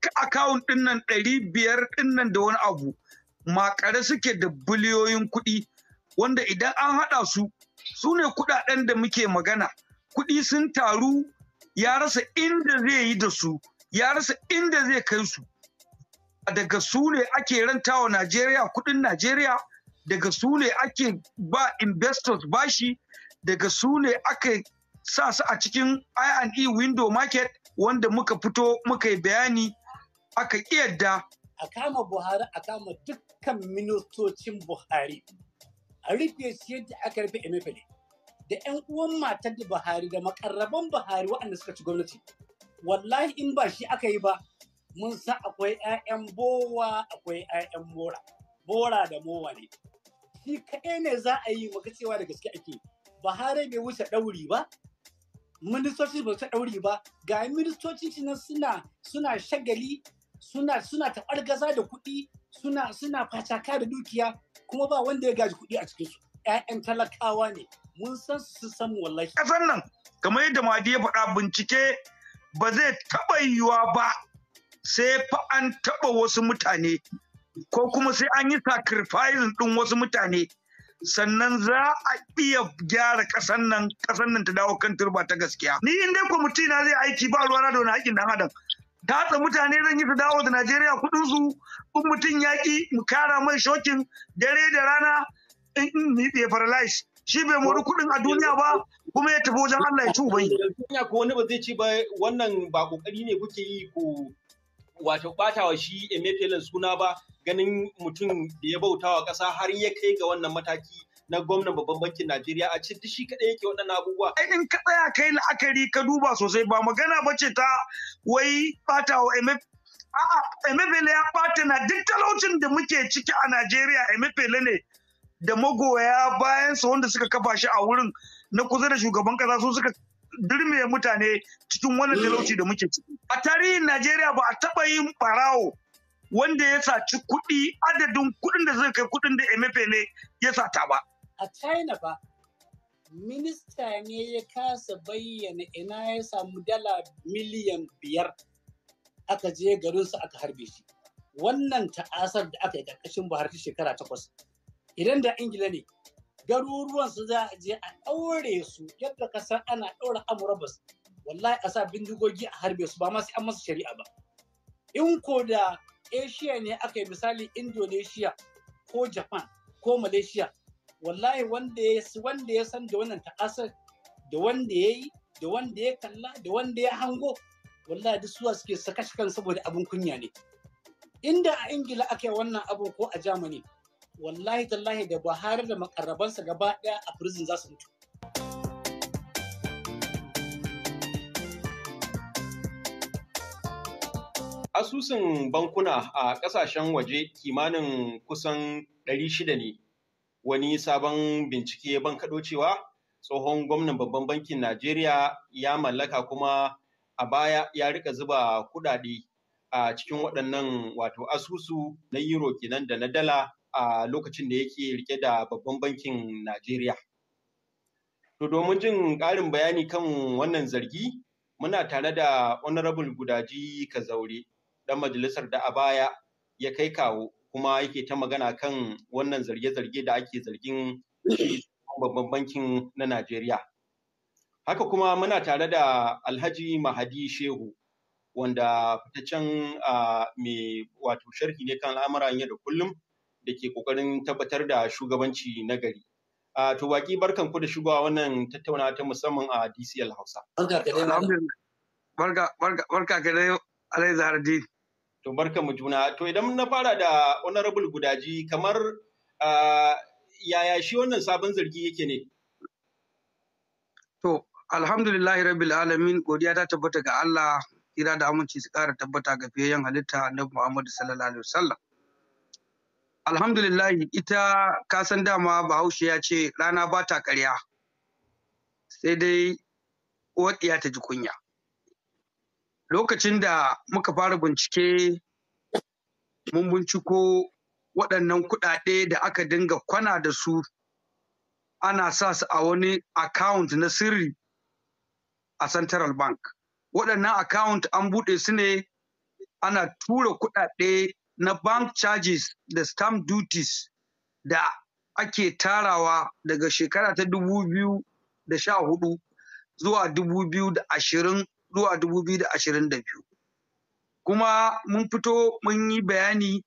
duk akawun nan ɗari biyar ɗinnan da wani abu makare suke da biliyoyin kuɗi wanda idan an haɗa su su ne kuɗaɗen da muke magana kuɗi sun taru ya rasa inda zai yi da su ya rasa inda zai kai su daga su ne ake rantawa Najeriya kuɗin Najeriya daga su ne ake ba investors bashi daga su ne aka sa su a cikin I&E window market wanda muka fito muka yi bayani aka yadda a kama buhari a kama dukkan ministocin buhari a rufe shi yadda aka rufe emefele da 'yan uwan matar da buhari da makarraban buhari waɗanda suka ci gwamnati wallahi in ba shi aka yi ba mun sa akwai 'ya'yan bowa akwai 'ya'yan mora bora da mowa ne shi kaɗai ne za a yi maka cewa da gaske ake buhari bai wuce ɗauri ba ministoci ba su ɗauri ba ga ministoci nan suna suna shagali suna suna gaza da kuɗi suna suna fataka da dukiya kuma ba wanda ya gaji kuɗi a cikin su ƴaƴan talakawa ne mun san su san wallahi kasan nan kamar yadda madi ya faɗa bincike ba zai taɓa yiwuwa ba sai fa an taɓa wasu mutane ko kuma sai an yi sacrificing ɗin wasu mutane sannan za a iya gyara ƙasan nan ƙasan nan ta dawo kan turba ta gaskiya ni in dai kwamiti na zai aiki ba ruwa na da wani haƙin dan adam tatsa mutane zan yi su dawo da Najeriya kudin su in mutum ya ki mu kara mai shokin dare da rana in ni bai paralyze shi bai mori kudin a duniya ba kuma ya tafi wajen Allah ya ci ubai. Duniya ko wani ba zai ci ba wannan ba kokari ne kuke yi ko wato bata wa shi emefelin suna ba ganin mutum da ya bautawa ƙasa har ya kai ga wannan mataki na gwamnan babban bankin Najeriya a cikin shi kaɗai yake waɗannan abubuwa. Ai in ka tsaya kai la'akari ka duba sosai ba magana ba ce ta wai ɓata wa MF A'a, Emefele ya bata na duk talaucin da muke ciki a Najeriya Emefele ne da magoya bayan su wanda suka kafa shi a wurin na kusa da shugaban kasa su suka dirme mutane cikin wannan talauci da muke ciki. A tarihin Najeriya ba a taɓa yin farawo wanda ya saci kuɗi adadin kuɗin da zai kai kuɗin da Emefele ya sata ba. a china ba minista ne ya kasa bayyana ina ya samu dala miliyan biyar aka je garinsu aka harbe shi wannan ta'asar da aka yi ƙarƙashin buhari shekara takwas idan da ingila ne garuruwan su za a je a ɗaure su yadda kasar ana ɗaura amurabas wallahi a sa bindigogi a harbe su ba masu sai an shari'a ba in ko da asia ne aka yi misali indonesia ko japan ko malaysia wallahi wanda ya san da wannan takasar da wanda ya yi da wanda ya kalla da wanda ya hango wallahi duk suwa suke saka kan saboda abin kunya ne inda a ingila aka yi wannan abu ko a germany wallahi tallahi da buhari da makarrabansa gaba daya a prison za su mutu asusun bankuna a kasashen waje kimanin kusan 600 ne wani sabon bincike ban kaɗo cewa tsohon gwamnan babban bankin Najeriya ya mallaka kuma a baya ya rika zuba kuɗaɗe a cikin waɗannan wato asusu na euro kenan da na dala a lokacin da yake rike da babban bankin Najeriya. To domin jin ƙarin bayani kan wannan zargi muna tare da honorable gudaji kazaure ɗan majalisar da a baya ya kai kawo kuma yake ta magana kan wannan zarge-zarge da ake zargin babban bankin na Najeriya. Haka kuma muna tare da Alhaji Mahadi Shehu wanda fitaccen mai wato sharhi ne kan al'amuran yau da kullum da ke ƙoƙarin tabbatar da shugabanci na gari. To baki barkan ku da shigowa wannan tattauna ta musamman a DCL Hausa. Barka ka dai Barka ka dai Alai To barkanmu juna. To idan na fara da honorable gudaji kamar yaya shi wannan sabon zargi yake ne? To alhamdulillah rabbil alamin godiya ta tabbata ga Allah kira da aminci su ƙara tabbata ga fiyayyen halitta na Muhammadu sallallahu alaihi wasallam. Alhamdulillah ita kasan dama Bahaushe ya ce rana ba ta ƙarya sai dai wadiya ta ji kunya. lokacin da muka fara bincike mun binciko waɗannan kuɗaɗe da aka dinga kwana da su ana sa su a wani account na sirri a central bank waɗannan account an buɗe su ne ana tura kuɗaɗe na bank charges da stamp duties da ake tarawa daga shekara ta 2014 zuwa 2020 dubu biyu da ashirin a da biyu kuma mun fito mun yi bayani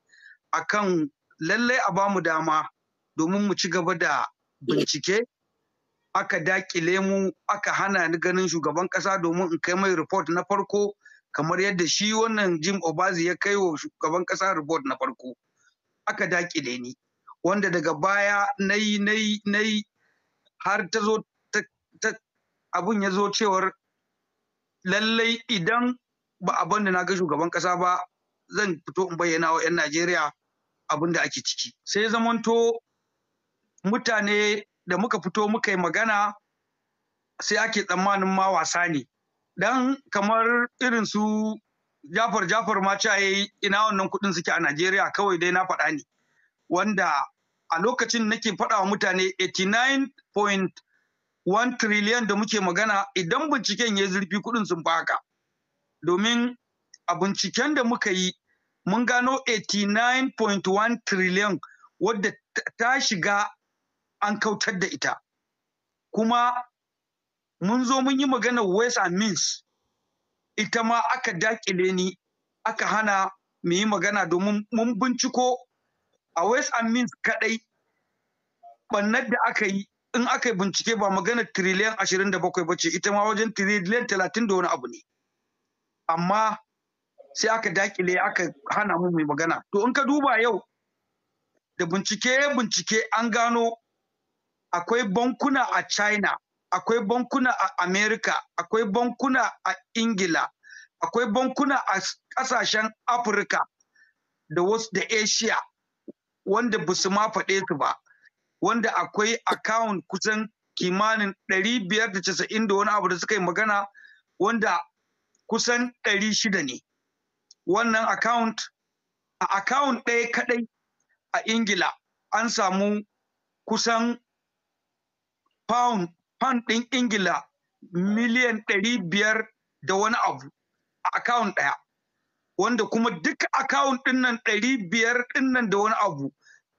a kan lallai a bamu dama domin mu ci gaba da bincike aka dakile mu aka hana ni ganin shugaban ƙasa domin in kai mai report na farko kamar yadda shi wannan jim obazi ya kai wa shugaban ƙasa report na farko aka dakile ni wanda daga baya na yi na har ta zo abun ya zo cewar lallai idan ba a da na ga shugaban kasa ba zan fito in bayyana wa 'yan Najeriya abin da ake ciki. Sai zamanto mutane da muka fito muka yi magana sai ake tsammanin ma wasa ne. Dan kamar irin su Jafar Jafar ma ya yi ina wannan kuɗin suke a Najeriya kawai dai na faɗa ne. Wanda a lokacin nake faɗa wa mutane 89. 1 trillion da muke magana idan binciken ya zurfi kudin sun fi haka domin a binciken da muka yi mun gano 89.1 trillion wadda ta shiga an kautar da ita kuma mun zo mun yi magana west and means ita ma aka dakile ni aka hana mu yi magana domin mun binciko a west and means kadai bannar da aka yi in aka yi bincike ba magana tiriliyan ashirin da bakwai bace ita ma wajen tiriliyan talatin da wani abu ne amma sai aka dakile aka hana mu mai magana to in ka duba yau da bincike bincike an gano akwai bankuna a china akwai bankuna a america akwai bankuna a ingila akwai bankuna a kasashen afirka da wasu da asia wanda ba su ma faɗe su ba wanda akwai account kusan kimanin 590 da wani abu da suka yi magana wanda kusan 600 ne wannan account a account ɗaya kaɗai a ingila an samu kusan pound pound ɗin ingila miliyan 500 da wani abu a account ɗaya wanda kuma duk account ɗin nan 500 ɗin nan da wani abu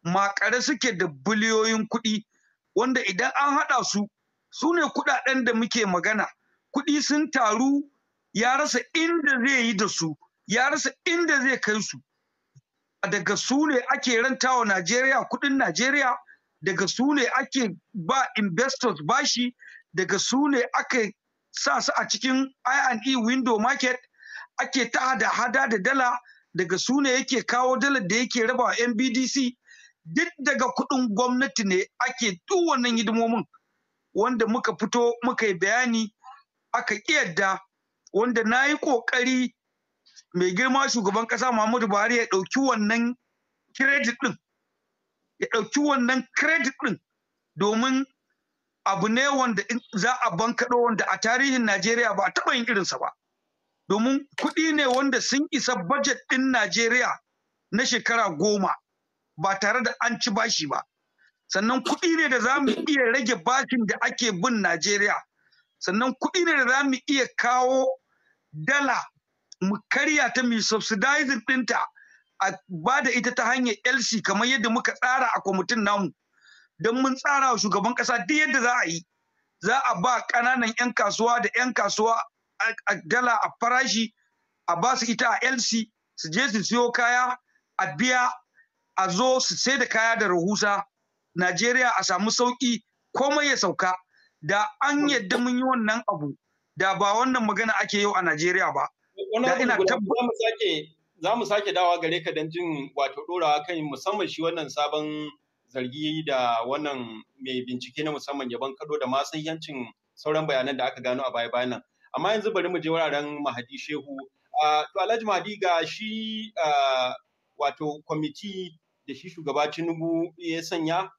makare suke da biliyoyin kuɗi wanda idan an haɗa su su ne kuɗaɗen da muke magana kuɗi sun taru ya rasa inda zai yi da su ya rasa inda zai kai su daga su ne ake rantawa Najeriya kuɗin Najeriya daga su ne ake ba investors bashi daga su ne ake sa su a cikin I&E window market ake ta hada hada da dala daga su ne yake kawo dalar da yake rabawa NBDC duk daga kuɗin gwamnati ne ake duk wannan hidimomin wanda muka fito muka yi bayani aka yadda wanda na yi ƙoƙari mai girma shugaban ƙasa Muhammadu Buhari ya ɗauki wannan kiredit ɗin ya ɗauki wannan kiredit ɗin domin abu ne wanda za a bankaɗo wanda a tarihin Najeriya ba a taɓa yin irinsa ba. Domin kuɗi ne wanda sun isa bajet ɗin Najeriya na shekara goma. ba tare da an ci bashi ba sannan kuɗi ne da za mu iya rage bashin da ake bin najeriya sannan kuɗi ne da za mu iya kawo dala mu karya ta mu subsidizing ɗinta a ba da ita ta hanyar lc kamar yadda muka tsara a kwamitin namu don mun tsara wa shugaban ƙasa duk yadda za a yi za a ba ƙananan 'yan kasuwa da 'yan kasuwa a dala a farashi a ba su ita a lc su je su siyo kaya a biya a zo su sai da kaya da rahusa Najeriya a samu sauƙi komai ya sauka da an yadda mun yi wannan abu da ba wannan magana ake yau a Najeriya ba. Da ina za mu sake dawa gare ka don jin wato ɗorawa kan musamman shi wannan sabon zargi da wannan mai bincike na musamman yaban kado da masu yancin sauran bayanan da aka gano a baya bayan nan. Amma yanzu bari mu je wuraren Mahadi Shehu. Ah, to Alhaji Mahadi ga shi ah, wato kwamiti da shi shugaba Tinubu ya sanya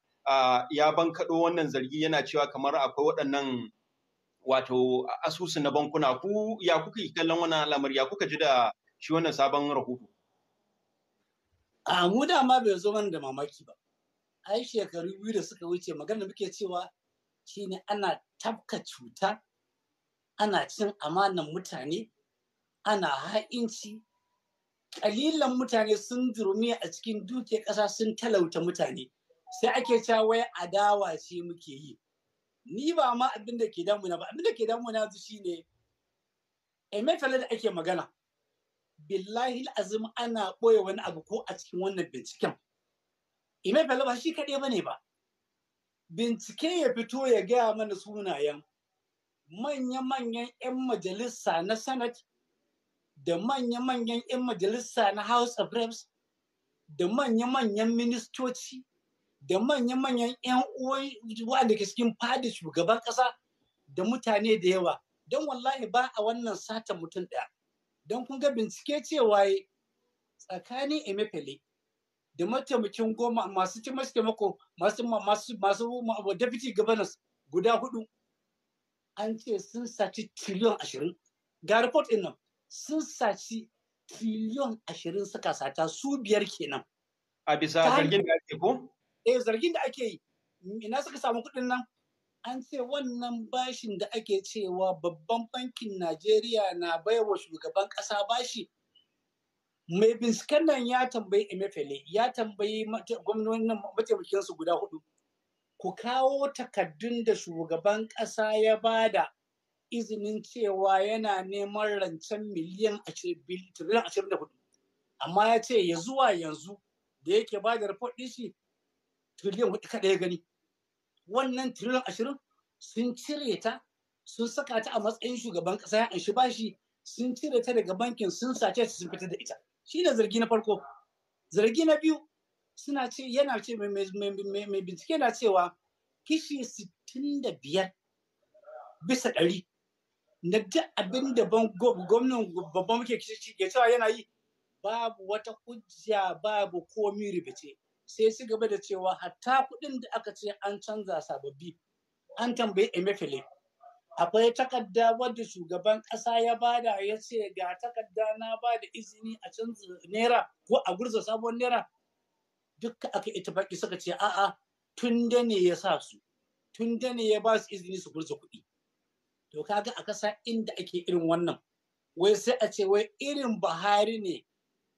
ya bankaɗo wannan zargi yana cewa kamar akwai waɗannan wato asusu na bankuna ku ya kuka yi kallon wannan al'amari ya kuka ji da shi wannan sabon rahoto. A mu dama bai zo mana da mamaki ba. Ai shekaru biyu da suka wuce magana muke cewa shine ana tafka cuta ana cin amanan mutane ana ha'inci kalilan mutane sun durmi a cikin duke ƙasa sun talauta mutane sai ake cewa a adawa ce muke yi ni ba ma abin da ke damuna ba abin da ke damuna su shine emetala eh, da ake magana billahi azim ana ɓoye wani abu ko a cikin wannan binciken emetala eh, ba shi kaɗai ba ne ba bincike ya fito ya gaya mana sunayen manya-manyan 'yan majalisa na sanat da manya-manyan 'yan majalisa na House of Reps, da manya-manyan ministoci, da manya-manyan 'yan uwan wanda ke cikin fadi shugaban ƙasa da mutane da yawa. Don wallahi ba a wannan sata mutum ɗaya. Don kun ga bincike cewa tsakanin Emefele da mataimakin goma masu taimako masu masu masu deputy governors guda hudu an ce sun saci tiliyon ashirin ga report ɗin nan sun saci triliyon ashirin suka sata su biyar kenan. A bisa zargin da ake ko? Eh zargin da ake yi. Ina suka samu kuɗin nan? An ce wannan bashin da ake cewa babban bankin Najeriya na baiwa shugaban ƙasa bashi. Mai binciken nan ya tambayi Emefele, ya tambayi gwamnonin mataimakinsu guda hudu. Ku kawo takardun da shugaban ƙasa ya bada izinin cewa yana neman rancen miliyan ashirin da hudu amma ya ce ya zuwa yanzu da yake ba da report shi triliyan hudu kaɗai gani wannan triliyan ashirin sun cire ta sun saka ta a matsayin shugaban ƙasa ya shi bashi sun cire ta daga bankin sun sace ta sun fitar da ita shi ne zargi na farko zargi na biyu suna ce yana ce mai bincike na cewa kishi sittin da biyar bisa ɗari na duk abin da gwamnan babban muke ke cewa yana yi babu wata hujja babu komi rubuce sai su gaba da cewa hatta kuɗin da aka ce an canza sababbi an tambayi emefile akwai takarda wadda shugaban ƙasa ya bada ya ce ga takarda na bada izini a canza naira ko a gurza sabon naira dukka aka ita baki suka ce a'a tun da ne ya sa su tun ne ya ba su izini su gurza kuɗi to kaga a kasa inda ake irin wannan wai sai a ce wai irin buhari ne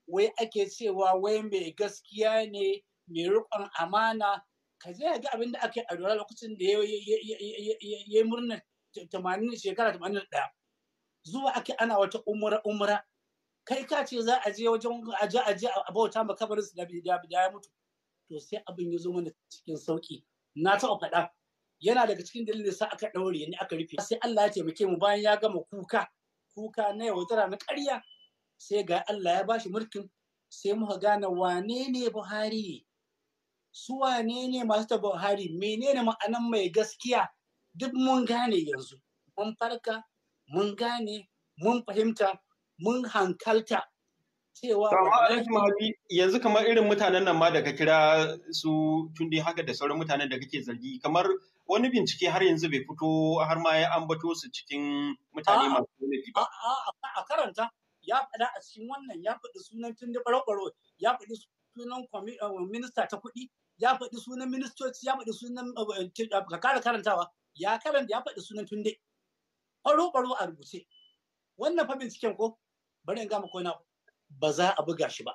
wai ake cewa wai mai gaskiya ne mai riƙon amana ka je ga abin da aka yi a lura lokacin da ya yi murna tamanin shekara tamanin ɗaya zuwa ake ana wata umura umura kai ka ce za a je wajen a je a bauta ma da bi da ya mutu to sai abin ya zo mana cikin sauki na taɓa faɗa yana daga cikin dalilin sa aka ɗaure ni aka rufe sai Allah ya taimake mu bayan ya gama kuka kuka na yaudara na ƙarya sai ga Allah ya bashi mulkin sai muka gane wane ne Buhari su wane ne masu ta Buhari menene ma'anan mai gaskiya duk mun gane yanzu mun farka mun gane mun fahimta mun hankalta cewa yanzu kamar irin mutanen nan ma da ka kira su tunde haka da sauran mutanen da kake zargi kamar wani bincike har yanzu bai fito har ma ya ambato su cikin mutane masu laifi ba a karanta ya faɗa a cikin wannan ya faɗi sunan tunde baro-baro ya faɗi sunan eh, minista ta kuɗi ya faɗi sunan ministoci ya faɗi sunan eh, eh, ka kara karantawa ya karanta ya faɗi sunan tunde baro-baro a rubuce wannan fa binciken ko bari in gama ko na ba za a buga shi ba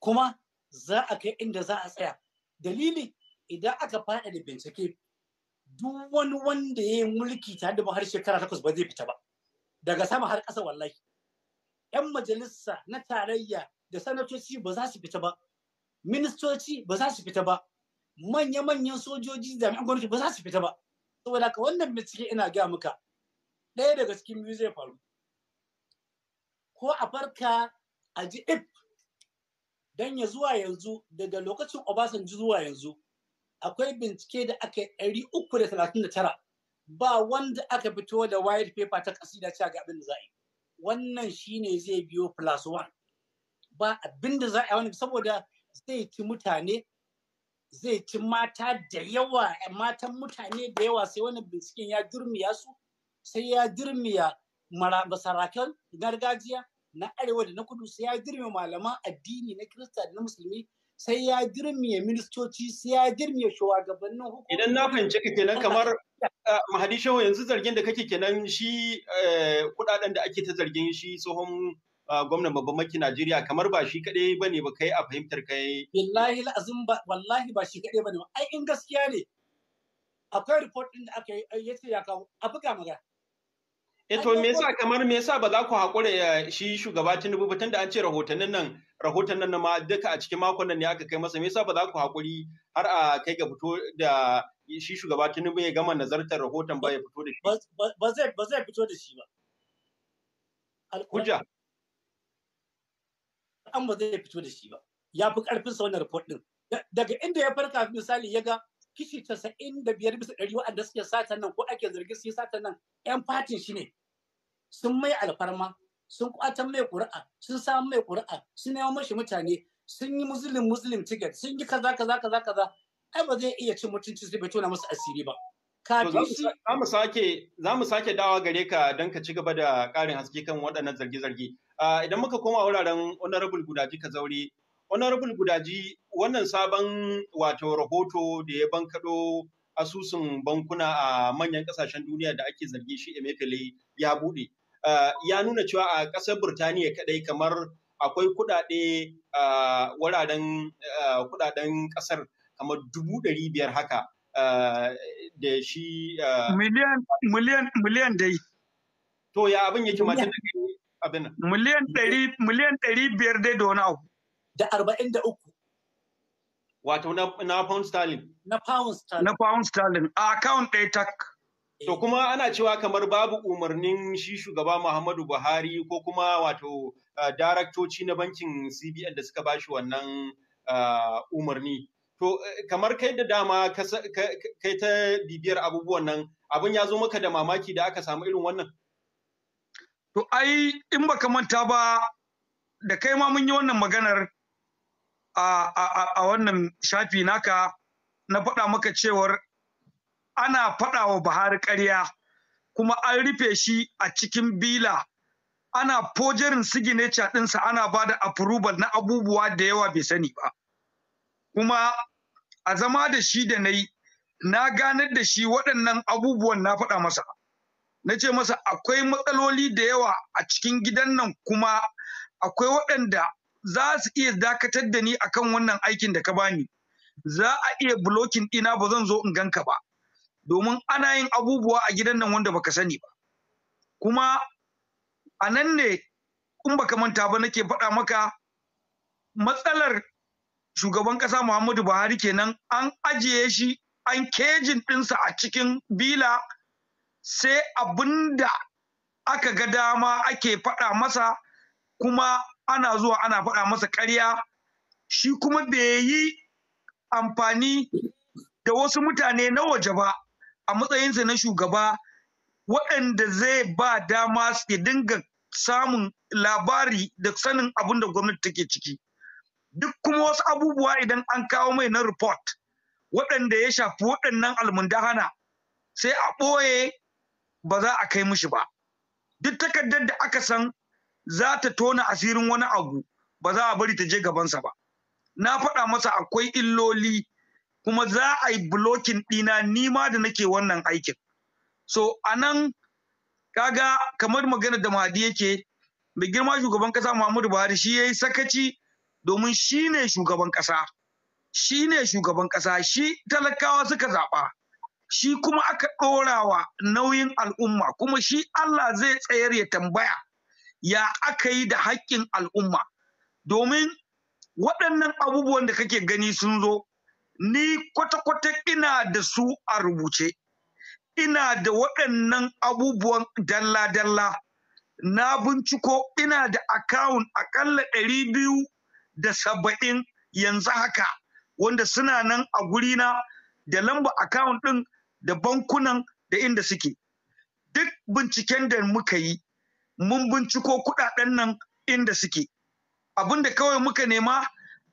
kuma za a kai inda za a tsaya dalili idan aka faɗa da bincike duk wani wanda ya yi mulki tare da har shekara takwas ba zai fita ba daga sama har ƙasa wallahi yan majalisa na tarayya da sanatoci ba za su fita ba ministoci ba za su fita ba manya-manyan sojoji da jami'an gwamnati ba za su fita ba saboda ka wannan bincike ina gaya muka ɗaya daga cikin biyu zai faru ko a farka a ji if don ya zuwa yanzu daga lokacin Obasanjo zuwa yanzu akwai bincike da aka yi ɗari uku da talatin da tara ba wanda aka fito da white paper ta ƙasida, cewa ga abin da za yi wannan shine zai biyo plus one ba abin da za a yi wani saboda zai ci mutane zai ci mata da yawa matan mutane da yawa sai wani binciken ya durmiya su sai ya durmiya masarakan gargajiya na arewa da na kudu sai ya girme malaman addini na kirista da na musulmi sai ya girme ministoci sai ya girme shugabannin hukumar idan na fahimci ka kenan kamar mahadi shehu yanzu zargin da kake kenan shi eh, kudaden da ake ta zargin shi tsohon gwamnan babban maki Najeriya kamar ba shi kadai ba ne ba kai a fahimtar kai. Wallahi la'azin ba wallahi ba shi kadai ba ne ai in gaskiya ne akwai report ɗin da aka yi ya ce ya kawo a buga magana. E to me yasa kamar me yasa ba za ku haƙura shi shugaba Tinubu ba tunda an ce rahotannin nan rahotannin nan ma duka a cikin makon nan ne aka kai masa me yasa ba za ku haƙuri har a kai ga fito da shi shugaba Tinubu ya gama nazartar rahoton ba ya fito da shi ba zai ba zai fito da shi ba hujja an ba zai fito da shi ba ya fi karfin sa wannan report din daga inda ya farka misali ya ga kishi casa'in da biyar bisa ɗari waɗanda suke sata nan ko ake zargi su yi nan yan fatin shi ne sun mai alfarma sun kwatan mai ƙuri'a sun samu mai ƙuri'a sun yawo mashi mutane sun yi muslim muslim ticket sun yi kaza kaza kaza kaza ai ba zai iya cin mutunci sai bai tona musu asiri ba za mu sake za dawa gare ka don ka ci gaba da ƙarin haske kan waɗannan zarge-zarge ah, idan muka koma wuraren honorable gudaji ka zaure. Honorable Gudaji wannan sabon wato rahoto da ya bankaɗo asusun bankuna a manyan ƙasashen duniya da ake zargi shi Emefiele ya buɗe. Eh, ya nuna cewa a ƙasar Burtaniya kaɗai kamar akwai kuɗaɗe eh, wuraren eh, kuɗaɗen ƙasar kamar dubu ɗari biyar haka da shi. Miliyan, miliyan miliyan dai. To ya abin yake mace da abin Miliyan ɗari biyar dai da wani abu. da arba'in da uku. Wato na pound sterling? Na pound sterling. Na pound sterling a account ɗaya tak. To eh. kuma ana cewa kamar babu umarnin shi shugaba Muhammadu Buhari ko kuma wato daraktoci na bankin CBN da suka bashi wannan umarni. To eh, kamar kai da dama kai ta bibiyar abubuwan nan abin ya zo maka da mamaki da aka samu irin wannan? To ai in baka manta ba da kai ma mun yi wannan maganar a wannan shafi naka na faɗa maka cewar ana faɗa wa Buhari ƙarya kuma an rufe shi a cikin bila ana fojerin signature ɗinsa ana ba da approval na abubuwa da yawa bai sani ba kuma a zama da shi da na yi na ganar da shi waɗannan abubuwan na faɗa masa na ce masa akwai matsaloli da yawa a cikin gidan nan kuma akwai waɗanda za su iya dakatar da ni akan wannan aikin da ka bani za a iya bulokin ɗina ba zan zo in ganka ba domin ana yin abubuwa a gidan nan wanda baka sani ba kuma a nan ne in baka manta ba nake faɗa maka matsalar shugaban ƙasa Muhammadu Buhari kenan an ajiye shi an kejin ɗinsa a cikin bila sai abinda aka ga dama ake faɗa masa kuma ana zuwa ana faɗa masa ƙarya shi kuma bai yi amfani da wasu mutane na waje ba a matsayinsa na shugaba waɗanda zai ba dama su dinga samun labari da sanin abin da gwamnati take ciki duk kuma wasu abubuwa idan an kawo mai na report waɗanda ya shafi waɗannan almundahana sai a ɓoye ba za a kai mushi ba duk takardar da aka san za ta tona asirin wani abu ba za a bari ta je gabansa ba na faɗa masa akwai illoli kuma za a yi blocking ɗina nima da nake wannan aikin so anan kaga kamar magana da mahadi yake mai girma shugaban kasa muhammadu buhari shi ya yi sakaci domin shi ne shugaban kasa shi ne shugaban kasa shi talakawa suka zaɓa shi kuma aka ɗorawa nauyin al'umma kuma shi allah zai tsayar ya tambaya ya aka yi da haƙƙin al'umma domin waɗannan abubuwan da kake gani sun zo ni kwata-kwata ina da su a rubuce ina da waɗannan abubuwan dalla-dalla na binciko ina da akawun akalla ɗari biyu da saba'in yanzu haka wanda suna nan a gurina da lamba akawun ɗin da bankunan da inda suke duk binciken da muka yi mun binciko kuɗaɗen nan inda suke abinda kawai muka nema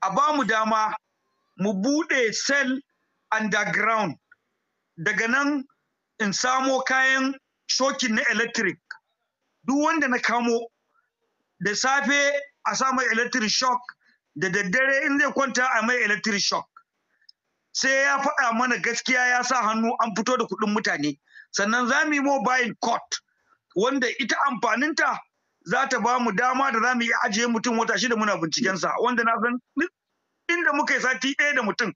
a ba mu dama mu buɗe sel underground daga nan in samo kayan shokin na electric duk wanda na kamo da safe a sa mai electric shock da daddare in zai kwanta a mai electric shock sai ya faɗa mana gaskiya ya sa hannu an fito da kuɗin mutane sannan za mu yi mobile court wanda ita amfaninta za ta ba mu dama da za mu iya ajiye mutum wata shida muna bincikensa wanda na san inda muka yi sati ɗaya da mutum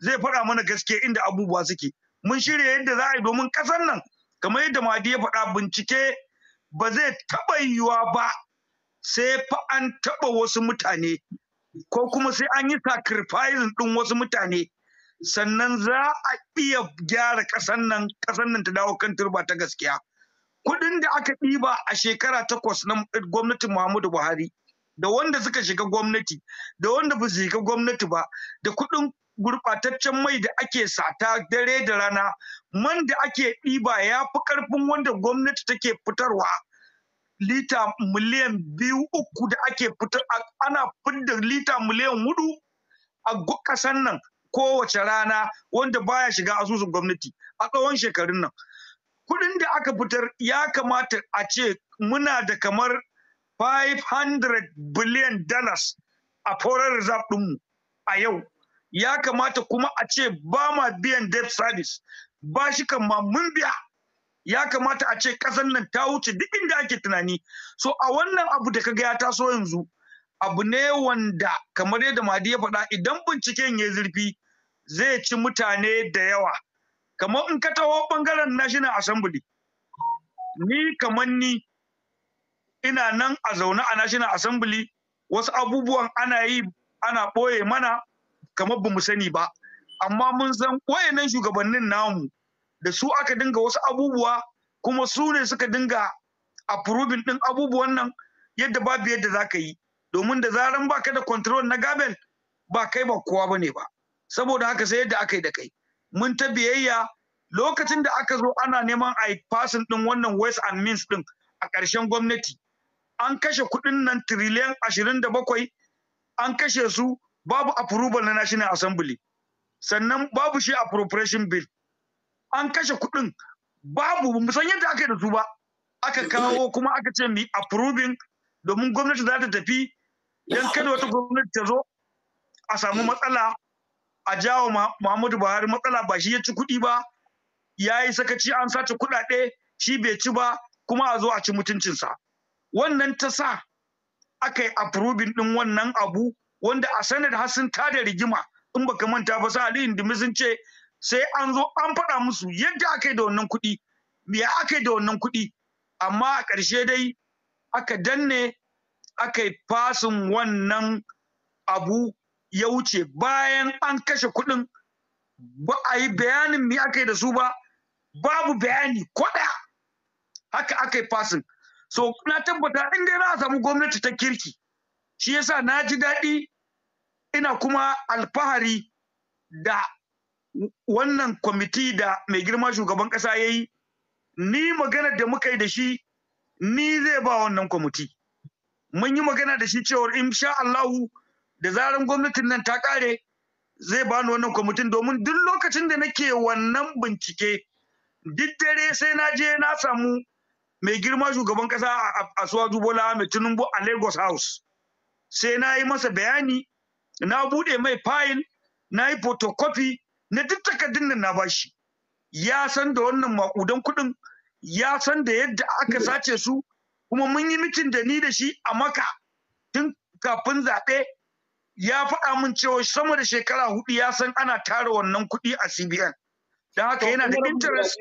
zai faɗa mana gaske inda abubuwa suke mun shirya yadda za a yi domin ƙasar nan kamar yadda madi ya faɗa bincike ba zai taɓa yiwuwa ba sai fa an taɓa wasu mutane ko kuma sai an yi sacrificing ɗin wasu mutane sannan za a iya gyara ƙasar nan ƙasar nan ta dawo kan turba ta gaskiya Kudin da aka ɗiba a shekara takwas na gwamnatin Muhammadu Buhari da wanda suka shiga gwamnati da wanda ba su shiga gwamnati ba da kudin gurɓataccen mai da ake sata dare da rana man da ake ɗiba ya fi ƙarfin wanda gwamnati take fitarwa lita miliyan biyu uku da ake fitar ana fidda lita miliyan hudu a ƙasan nan kowace rana wanda baya shiga asusun gwamnati a tsawon shekarun nan Kudin da aka fitar ya kamata a ce muna da kamar 500 billion dollars a foreign reserve ɗinmu a yau ya kamata kuma a ce ba ma biyan debt service ba shi kan ma mun biya ya kamata a ce ƙasar nan ta wuce duk inda ake tunani so a wannan abu da kaga ya taso yanzu abu ne wanda kamar yadda madi ya faɗa idan binciken ya zurfi zai ci mutane da yawa kamar in ka taho bangaren national assembly ni kamar ni ina nan a zaune a national assembly wasu abubuwan ana yi ana ɓoye mana kamar bamu sani ba amma mun san wayannan shugabannin namu da su aka dinga wasu abubuwa kuma su ne suka dinga approving ɗin abubuwan nan yadda babu yadda za ka yi domin da zaran baka da control na gabel ba kai ba kowa bane ba saboda haka sai yadda aka yi da kai mun ta biyayya lokacin da aka zo ana neman a fasin din wannan west and means din a ƙarshen gwamnati an kashe kuɗin nan tiriliyan ashirin da bakwai an kashe su babu approval na national assembly sannan babu shi appropriation bill an kashe kuɗin babu mu yadda aka yi da su ba aka kawo kuma aka ce mi approving domin gwamnati za ta tafi don kada wata gwamnati ta zo a samu matsala a jawo Muhammadu Buhari matsala ba shi ya ci kuɗi ba ya yi sakaci an sace kuɗaɗe shi bai ci ba kuma a zo a ci mutuncinsa wannan ta sa aka yi approving ɗin wannan abu wanda a sanar har sun tada rigima in ka manta ba sa Ali Indimi sun ce sai an zo an faɗa musu yadda aka yi da wannan kuɗi ya aka yi da wannan kuɗi amma a ƙarshe dai aka danne aka yi fasin wannan abu ya wuce bayan an kashe kuɗin ba a yi bayanin mai aka yi da su ba babu bayani ko ɗaya haka aka yi fasin so na tabbata in dai za samu gwamnati ta kirki shi yasa na ji daɗi ina kuma alfahari da wannan kwamiti da mai girma shugaban ƙasa ya yi ni magana da muka yi da shi ni zai ba wannan kwamiti mun yi magana da shi cewar sha Allahu da zaran gwamnatin nan ta kare zai bani wannan kwamitin domin duk lokacin da nake wannan bincike duk dare sai na je na samu mai girma shugaban kasa a suwaju bola mai tinubu a lagos house sai na yi masa bayani na bude mai fayil na yi photocopy na duk takardun nan na bashi ya san da wannan makudan kuɗin ya san da yadda aka sace su kuma mun yi mitin da ni da shi a maka tun kafin zaɓe ya faɗa min cewa sama da shekara hudu ya san ana tara wannan kuɗi a CBN. Don haka yana da interest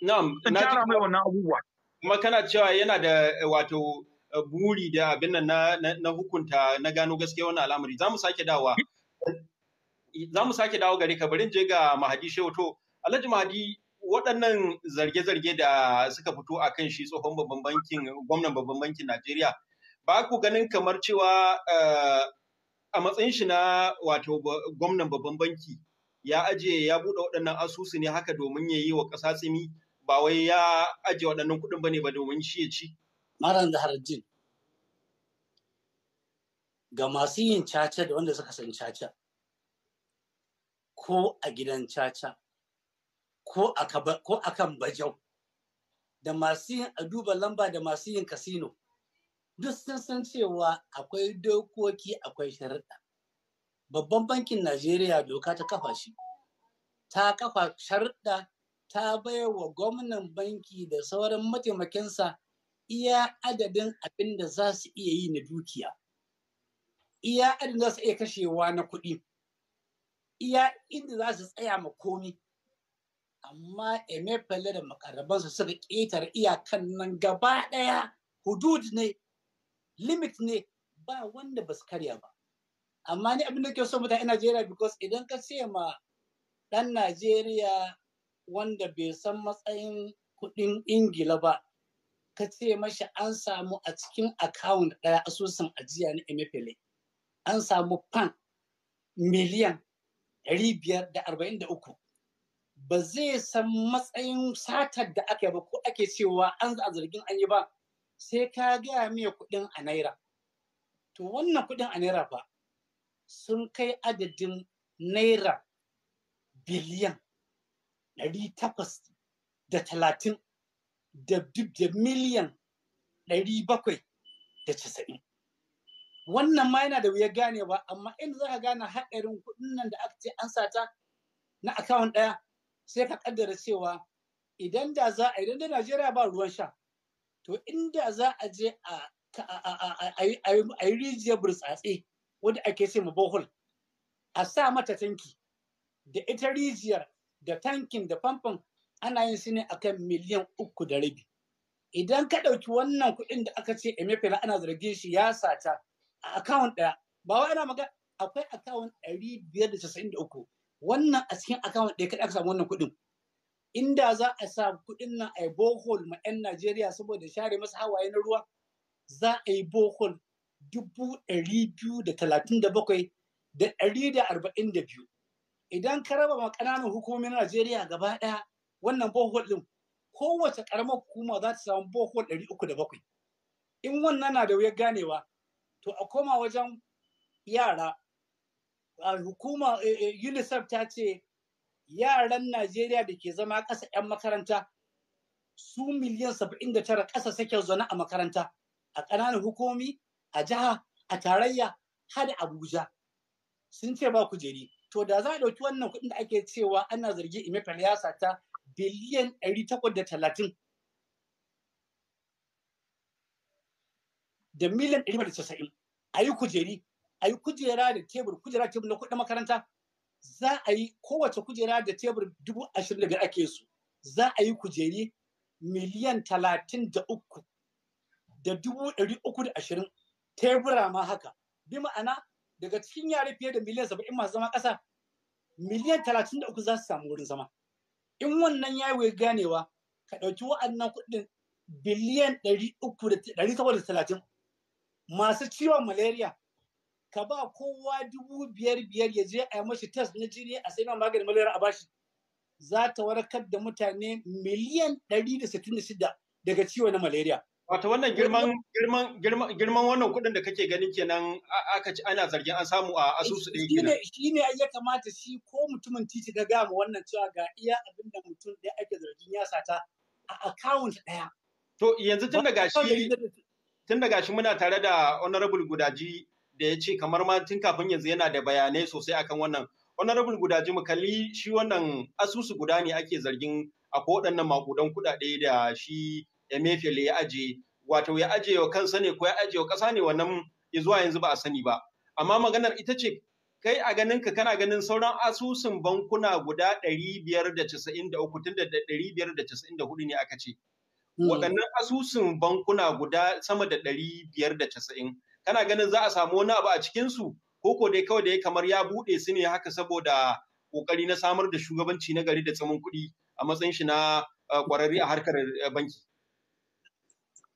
na tara mai wannan abubuwa. Kuma kana cewa yana da eh, wato eh, buri da abin nan na hukunta na gano gaskiya wani al'amari. Za mu sake dawa. Za mu sake dawo gare ka barin je ga Mahadi Shehu Alhaji Mahadi waɗannan zarge-zarge da suka fito a kan shi tsohon babban bankin gwamnan babban bankin Najeriya ba ku ganin kamar cewa eh, a matsayin shi na wato gwamnan babban banki ya aje ya buɗe waɗannan asusu ne haka domin ya yi wa ƙasa tsimi ba wai ya aje waɗannan kuɗin ba ne ba domin shi ya ci. Maran da harajin ga masu yin caca da wanda suka san caca ko a gidan caca ko a kan bajau da masu yin aduba lamba da masu yin kasino duk sun san cewa akwai dokoki akwai sharuɗa babban bankin najeriya doka ta kafa shi ta kafa sharuɗa ta baiwa gwamnan banki da sauran mataimakinsa iya adadin abin da za su iya yi na dukiya iya adadin za su iya kashewa na kuɗi iya inda za su tsaya ma komi amma emefele da makarabansa suka ƙetare iyakan nan gaba ɗaya hudud ne limit ne ba wanda ba su karya ba amma ni abin da ke so mutane Najeriya because idan ka ce ma ɗan Najeriya wanda bai san matsayin kuɗin Ingila ba ka ce mashi an samu a cikin akawun ɗaya asusun ajiya na Emefiele an samu fan miliyan biyar da da arba'in uku. ba zai san matsayin satar da aka yi ba ko ake cewa an a zargin an yi ba sai ka gaya miya kuɗin a naira to wannan kuɗin a naira ba sun kai adadin naira biliyan ɗari takwas da talatin da da miliyan ɗari bakwai da casa'in wannan ma yana da wuya gane ba amma inda za ka gane haɗarin kuɗin nan da aka ce an sata na akawun ɗaya sai ka ƙaddara cewa idan da za a idan da najeriya ba ruwan sha to inda za a je a yi rijiyar burtsatse wadda ake sai mu bohol a sa mata tanki da ita rijiyar da tankin da famfon ana yin su ne akan miliyan uku da rabi idan ka ɗauki wannan kuɗin da aka ce emefela ana zargin shi ya sata a akawun ɗaya ba wa ana maga akwai akawun ɗari biyar da casa'in da uku wannan a cikin akawun ɗaya kada aka samu wannan kuɗin inda za a sa kuɗin na a yi bohol ma 'yan Najeriya saboda share masa hawaye na ruwa za a yi bohol dubu ɗari biyu da talatin da bakwai da ɗari da arba'in da biyu. Idan ka raba ƙananan hukumomin Najeriya gaba ɗaya wannan bohol ɗin kowace ƙaramar hukuma za ta samu bohol ɗari uku da bakwai. In wannan na da wuyar ganewa to a koma wajen yara hukuma eh, eh, UNICEF ta ce yaran Najeriya da ke zama ƙasa 'yan makaranta su miliyan saba'in da tara ƙasa sake zaune a makaranta a ƙananan hukumi a jiha a tarayya har Abuja sun ce ba kujeri to da za a ɗauki wannan kuɗin da ake cewa ana zargi imefal ya ta biliyan takwas da talatin da miliyan da casa'in, a yi kujeri a yi kujera da tebur kujera tebur na kuɗin makaranta za a yi kowace kujera da tebur dubu ashirin da ake su za a yi kujeri miliyan talatin da uku da dubu ɗari uku da ashirin tebura ma haka bi ma'ana daga cikin yare fiye da miliyan saba'in masu zama ƙasa miliyan talatin da uku za su samu wurin zama in wannan ya yi ganewa ka ɗauki wa'annan kuɗin biliyan ɗari uku da ɗari da talatin masu ciwon malaria ka ba kowa dubu biyar biyar ya je a yi mashi tas na jini a sai maganin malaria a bashi za ta warkar da mutane miliyan ɗari da sittin da shida daga ciwo na malaria. Wata wannan girman girman girman girman wannan kuɗin da kake ganin kenan aka ci ana zargin an samu a asusu ɗin kenan. Shi ne ya kamata shi ko mutumin titi ka gama wannan cewa ga iya abin da mutum ɗaya ake zargin ya sata a akawunt ɗaya. To yanzu tun daga shi tun daga shi muna tare da honorable gudaji da ya ce kamar ma tun kafin yanzu yana da bayanai sosai akan wannan honorable gudaji mu kalli shi wannan asusu guda ne ake zargin akwai waɗannan makudan kuɗaɗe da shi Emefiele ya aje wato ya aje wa kansa ne ko ya aje wa ƙasa ne wannan zuwa yanzu ba a sani ba amma maganar ita ce kai a ganin ka kana ganin sauran asusun bankuna guda 593 tun da 594 ne aka ce hmm. waɗannan asusun bankuna guda sama da casa'in. kana ganin za a samu wani abu a cikinsu ko ko dai kawai da ya kamar ya buɗe su ne haka saboda ƙoƙari na samar da shugabanci na gari da tsamin kuɗi a matsayin shi na ƙwararre a harkar eh, banki.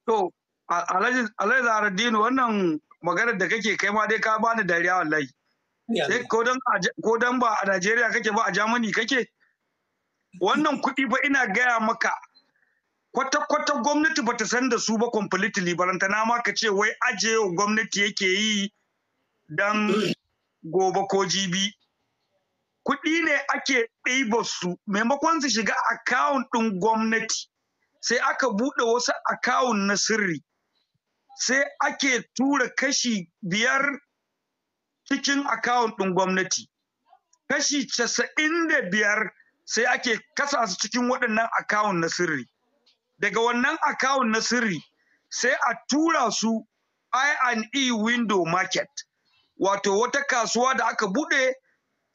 To, Alhaji Zaradini wannan maganar da kake kai ma dai ka bani dariya wallahi. ko dan ba a Najeriya kake ba a Germany kake? Wannan kuɗi ba ina gaya maka kwata-kwata gwamnati bata san da su ba completely barantana ma ka ce wai ajiyewa gwamnati yake yi don gobe ko jibi kuɗi ne ake ɗiba su maimakon su shiga akawun ɗin gwamnati sai aka buɗe wasu akawun na sirri sai ake tura kashi biyar cikin akawun ɗin gwamnati kashi casa'in da biyar sai ake kasa su cikin waɗannan akawun na sirri daga wannan akawun na sirri sai a tura su I&E window market wato wata kasuwa da aka bude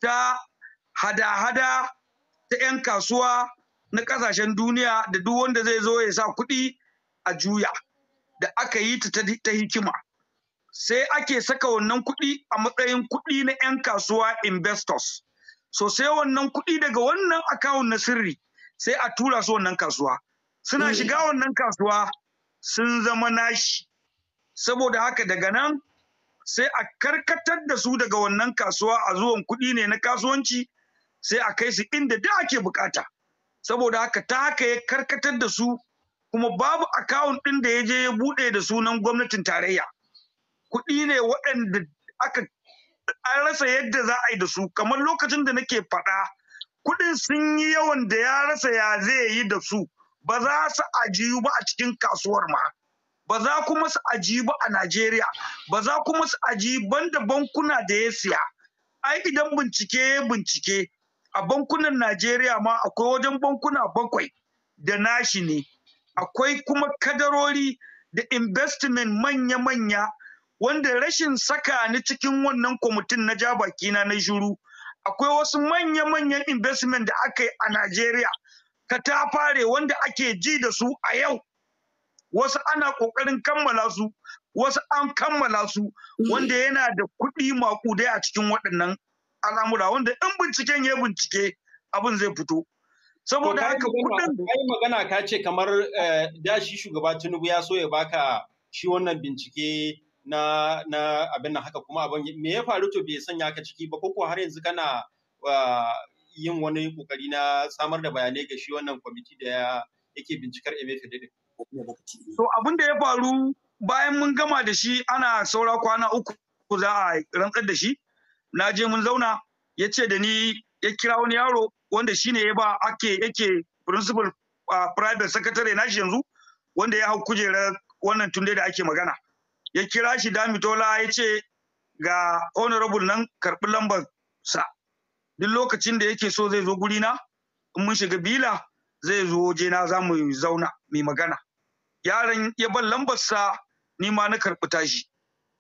ta hada-hada ta 'yan kasuwa na kasashen duniya da duk wanda zai zo ya sa kuɗi a juya da aka yi ta ta hikima sai ake saka wannan kuɗi a matsayin kuɗi na 'yan kasuwa investors so sai wannan kuɗi daga wannan akawun na sirri sai a tura su wannan kasuwa suna eh. shiga wannan kasuwa sun zama nashi saboda haka daga nan sai a karkatar da su daga wannan kasuwa a zuwan kuɗi ne na kasuwanci sai a kai su inda da ake bukata saboda haka ta haka ya karkatar da su kuma babu akawun ɗin da ya je ya buɗe da sunan gwamnatin tarayya kuɗi ne waɗanda aka an rasa yadda za a yi da su kamar lokacin da nake faɗa kuɗin sun yi yawan da ya rasa ya zai yi da su ba za su ajiyu ba a cikin kasuwar ma ba za kuma su ajiyu ba a Najeriya ba za kuma su ajiyu banda bankuna da ya siya ai idan bincike ya bincike a bankunan Najeriya ma akwai wajen bankuna bakwai da nashi ne akwai kuma kadarori da investment manya-manya wanda rashin saka ni cikin wannan kwamitin na ja bakina na shuru akwai wasu manya-manyan investment da aka yi a Najeriya katafare wanda ake ji da su a yau wasu ana ƙoƙarin kammala su wasu an kammala su wanda yana da kuɗi dai a cikin waɗannan al'amura wanda in binciken ya bincike abin zai fito saboda haka kuɗin ai magana ka ce kamar eh, da shi shugaba tinubu ya so ya baka shi wannan bincike na na abin nan haka kuma abin me ya faru to bai sanya ka ciki ba koko har yanzu kana yin wani kokari na samar da bayanai ga shi wannan kwamiti da yake bincikar MFD din. so abin da ya faru bayan mun gama da shi ana saura kwana uku ku za a rantsar da shi na je mun zauna ya ce da ni ya kira wani yaro wanda shi ne ya ba ake yake principal a private secretary na shi yanzu wanda ya hau kujerar wannan tunde da ake magana ya kira shi damitola ya ce ga honorable nan karɓi lambar sa duk lokacin da yake so zai zo gurina in mun shiga bila zai zo na za mu zauna mai magana yaron ya ban lambarsa ni ma na karɓi tashi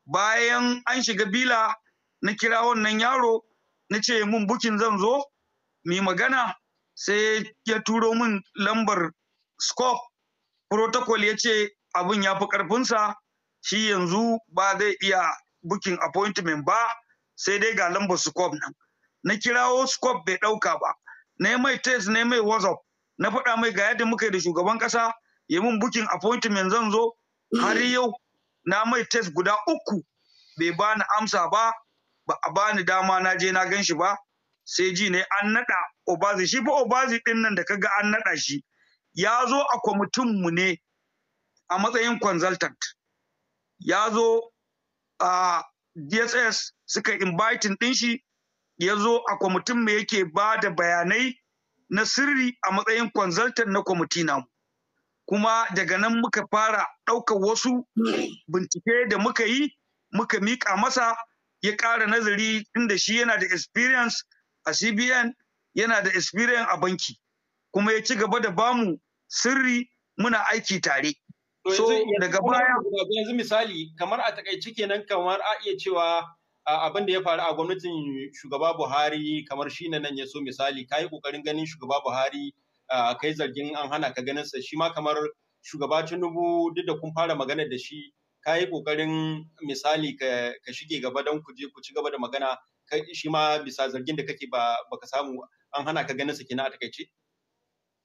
bayan an shiga bila na kira wannan yaro na ce mun bukin zan zo mai magana sai ya turo min lambar scope protocol ya ce abin ya fi ƙarfinsa shi yanzu ba zai iya bukin appointment ba sai dai ga lambar scope nan na kirawo scope bai ɗauka ba na mai test na mai whatsapp na faɗa mai ga yadda muka yi da shugaban ƙasa ya mun bukin appointment zan zo har yau na mai test guda uku bai bani amsa ba ba a bani dama na je na gan shi ba sai ji ne an naɗa obazi shi ba obazi ɗin nan da ka ga an naɗa shi ya zo a kwamitin mu ne a matsayin consultant ya zo a ah, dss suka inviting ɗin shi ya zo a kwamitin mu yake ba da bayanai na sirri a matsayin kwanzaltan na kwamiti namu kuma daga nan muka fara ɗaukar wasu bincike da muka yi muka miƙa masa ya ƙara nazari inda shi yana da experience a cbn yana da experience a banki kuma ya ci gaba da bamu sirri muna aiki tare so daga baya yanzu misali kamar a takaice kenan kamar a iya cewa abin da ya faru a gwamnatin shugaba Buhari kamar shi nan ya so misali ka yi ƙoƙarin ganin shugaba Buhari kai zargin an hana ka ganin sa shi ma kamar shugaba Tinubu duk da kun fara magana da shi ka yi ƙoƙarin misali ka shige gaba don ku je ku ci gaba da magana shi ma bisa zargin da kake ba baka samu an hana ka ganin sa kenan a takaice.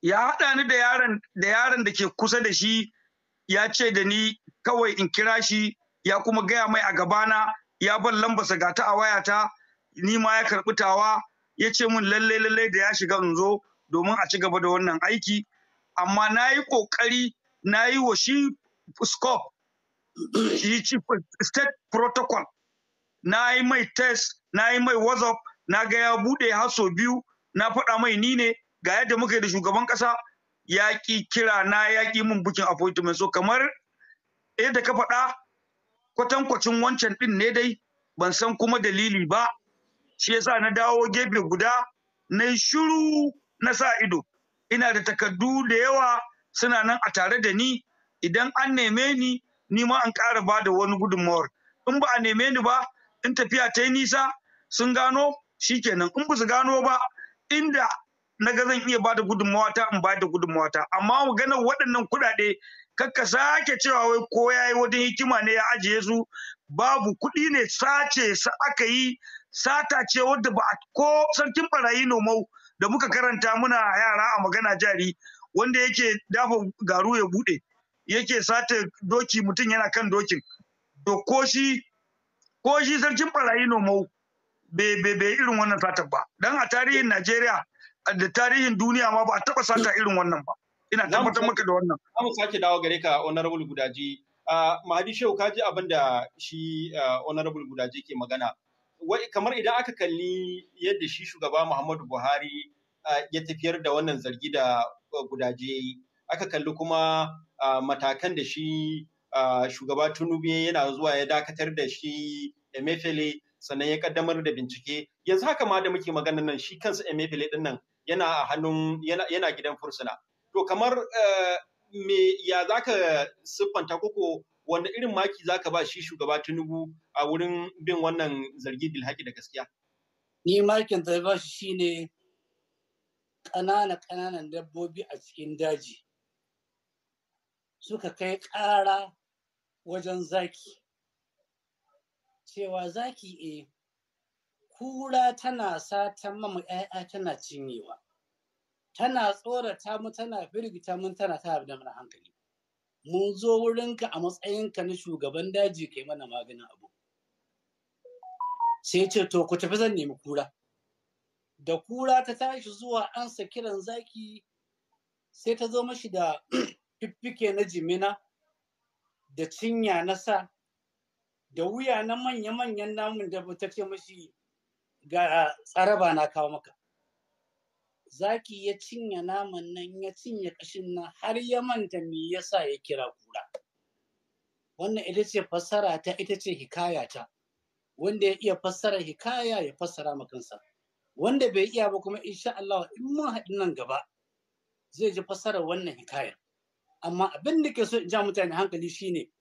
Ya haɗa ni da yaron da yaron da ke kusa da shi ya ce da ni kawai in kira shi ya kuma gaya mai a gabana ya ban lamba ga ta a wayata ni ma ya karɓi tawa ya ce min lallai lallai da ya shiga in zo domin a ci gaba da wannan aiki amma na yi ƙoƙari na yi wa shi scope shi state protocol na yi mai test na yi mai whatsapp na ga ya buɗe har sau biyu na faɗa mai ni ne ga yadda muka yi da shugaban ƙasa ya kira na ya ƙi min bukin appointment so kamar yadda ka faɗa kwatankwacin wancan ɗin ne dai ban san kuma dalili ba shi yasa na dawo gefe guda na shiru na sa ido ina da takardu da yawa suna nan a tare da ni idan an neme ni ni ma an ƙara ba da wani gudunmawar in ba a neme ni ba in tafiya ta yi nisa sun gano shi shikenan in ba su gano ba inda na ga zan iya ba da gudunmawa in ba da gudunmawa ta amma maganar waɗannan kuɗaɗe kakka sake cewa wai ko ya yi wajen hikima ne ya ajiye su babu kuɗi ne sace sa aka yi sata ce wadda ba ko sarkin barayi nomau da muka karanta muna yara a magana jari wanda yake dafa garu ya buɗe yake sata doki mutum yana kan dokin to ko shi ko shi sarkin barayi nomau bai irin wannan satar ba dan a tarihin najeriya da tarihin duniya ma ba a taɓa sata irin wannan ba ina tabbatar maka da wannan za sake dawo gare ka honorable gudaji mahadi shehu ji abin da shi honorable gudaji ke magana wai kamar idan aka kalli yadda shi shugaba muhammadu buhari ya tafiyar da wannan zargi da gudaje ya yi aka kalli kuma matakan da shi shugaba tunubu yana zuwa ya dakatar da shi emefele sannan ya kaddamar da bincike yanzu haka ma da muke maganar nan shi kansa emefele din nan yana a hannun yana gidan fursuna To kamar eh, me ya za ka siffanta koko wanda irin maki za ka ba shi shugaba Tinubu a wurin bin wannan zargi bilhaki da gaskiya? Ni makin da ba shi shine ƙanana ƙananan dabbobi a cikin daji suka kai ƙara wajen zaki. Cewa zaki e, kura tana satan mama ‘ya'ya tana cinyewa. tana tsorata mu tana firgita mun tana ta da mana hankali mun zo wurinka a matsayinka na shugaban daji kai mana maganin abu sai ce to ku tafi zan nemi kura da kura ta tashi zuwa ansa kiran zaki sai ta zo mashi da fiffike na jimina da cinya na sa da wuya na manya-manyan namun da ta ce mashi ga tsaraba na kawo maka zaki ya cinye naman nan ya cinye kashin nan har ya manta me yasa ya kira kura wannan ita ce fassara ta ita ce hikaya ta wanda ya iya fassara hikaya ya fassara ma kansa wanda bai iya ba kuma insha Allah in mun haɗu nan gaba zai ji fassara wannan hikaya. amma abin da ke so in ja mutane hankali shine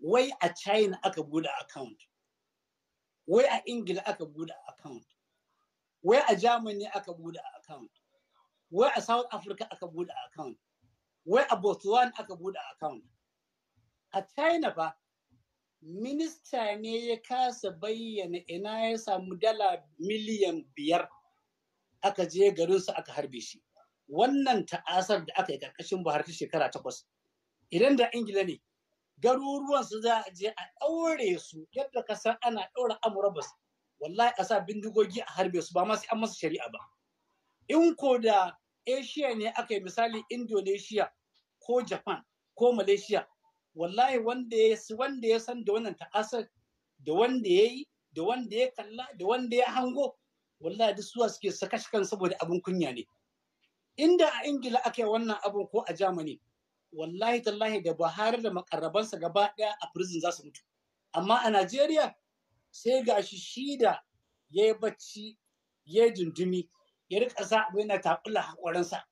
wai a China aka bude account wai a Ingila aka bude account wai a Germany aka bude account wai a South Africa aka bude account wai a Botswana aka bude account a China fa minista ne ya kasa bayyana ina ya samu dala miliyan biyar aka je garinsu aka harbe shi wannan ta'asar da aka yi karkashin buhari ta shekara takwas idan da ingila ne garuruwan su za a je a ɗaure su yadda kasar ana ɗaura amurabas wallahi a sa bindigogi a harbe su ba ma sai an masa shari'a ba in ko da asia ne aka yi misali indonesia ko japan ko malaysia wallahi wanda ya san da wannan ta'asar da wanda ya yi da wanda ya kalla da wanda ya hango wallahi duk suwa suke saka shi kan saboda abin kunya ne inda a ingila aka yi wannan abin ko a germany wallahi tallahi da buhari da makarrabansa gaba daya a prison za su mutu amma a najeriya sai ga shi da ya yi bacci ya yi dundumi ya rika sa abu yana takula hakorinsa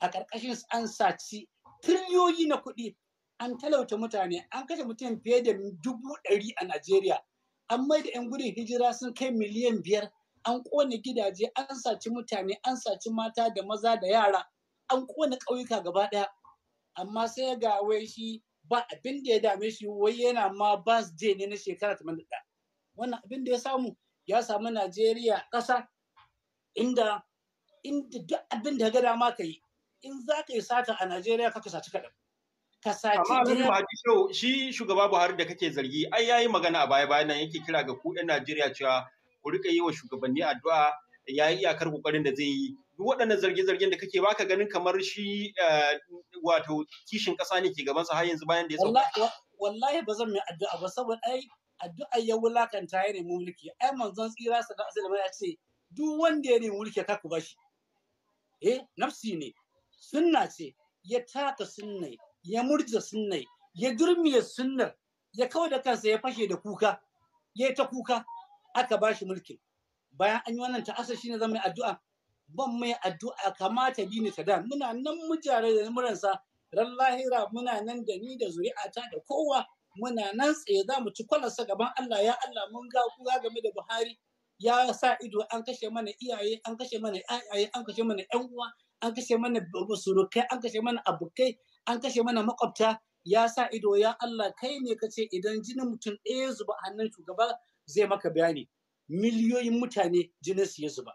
a ƙarƙashin an saci tiriliyoyi na kuɗi an talauta mutane an kashe mutum fiye da dubu ɗari a najeriya an mai da 'yan gudun hijira sun kai miliyan biyar an ƙone gidaje an saci mutane an saci mata da maza da yara an ƙone ƙauyuka gaba ɗaya amma sai ga wai shi ba abin da ya dame shi wai yana ma birthday ne na shekara 81 wannan abin da ya samu ya samu Najeriya ƙasa inda inda duk abin da ga dama ka yi in za ka yi sata a Najeriya ka saci kaɗan. Ka ne. Amma shi shugaba Buhari da kake zargi ai yayi magana a baya bayan nan yake kira ga ku ɗan Najeriya cewa ku rika yi wa shugabanni addu'a ya yi iyakar kokarin da zai yi duk waɗannan zarge-zargen da kake baka ganin kamar shi eh, wato kishin ƙasa ne ke sa har yanzu bayan da ya sauka. Wallahi ba zan mai addu'a ba saboda ai addu'a ya wulakanta ya nemi mulki ai manzon tsira sa da wasallam ya ce duk wanda ya nemi mulki ka ku bashi eh nafsi ne sunna ce ya taka sunnai ya murja sunnai ya durmiya sunnar ya kawai da kansa ya fashe da kuka ya ta kuka aka bashi mulki. bayan an yi wannan ta'asa shine zama mai addu'a ban mai addu'a kamata bi ni da muna nan mujare da muransa ran lahira muna nan da ni da zuri'ata da kowa muna nan tsaye za mu ci kwalarsa gaban Allah ya Allah mun ga kuga game da Buhari ya sa ido an kashe mana iyaye an kashe mana iyaye an kashe mana ƴan uwa an kashe mana surukai an kashe mana abokai an kashe mana makwabta ya sa ido ya Allah kai ne ka ce idan jinin mutum ɗaya zuba hannun shugaba zai maka bayani miliyoyin mutane jinin su ya zuba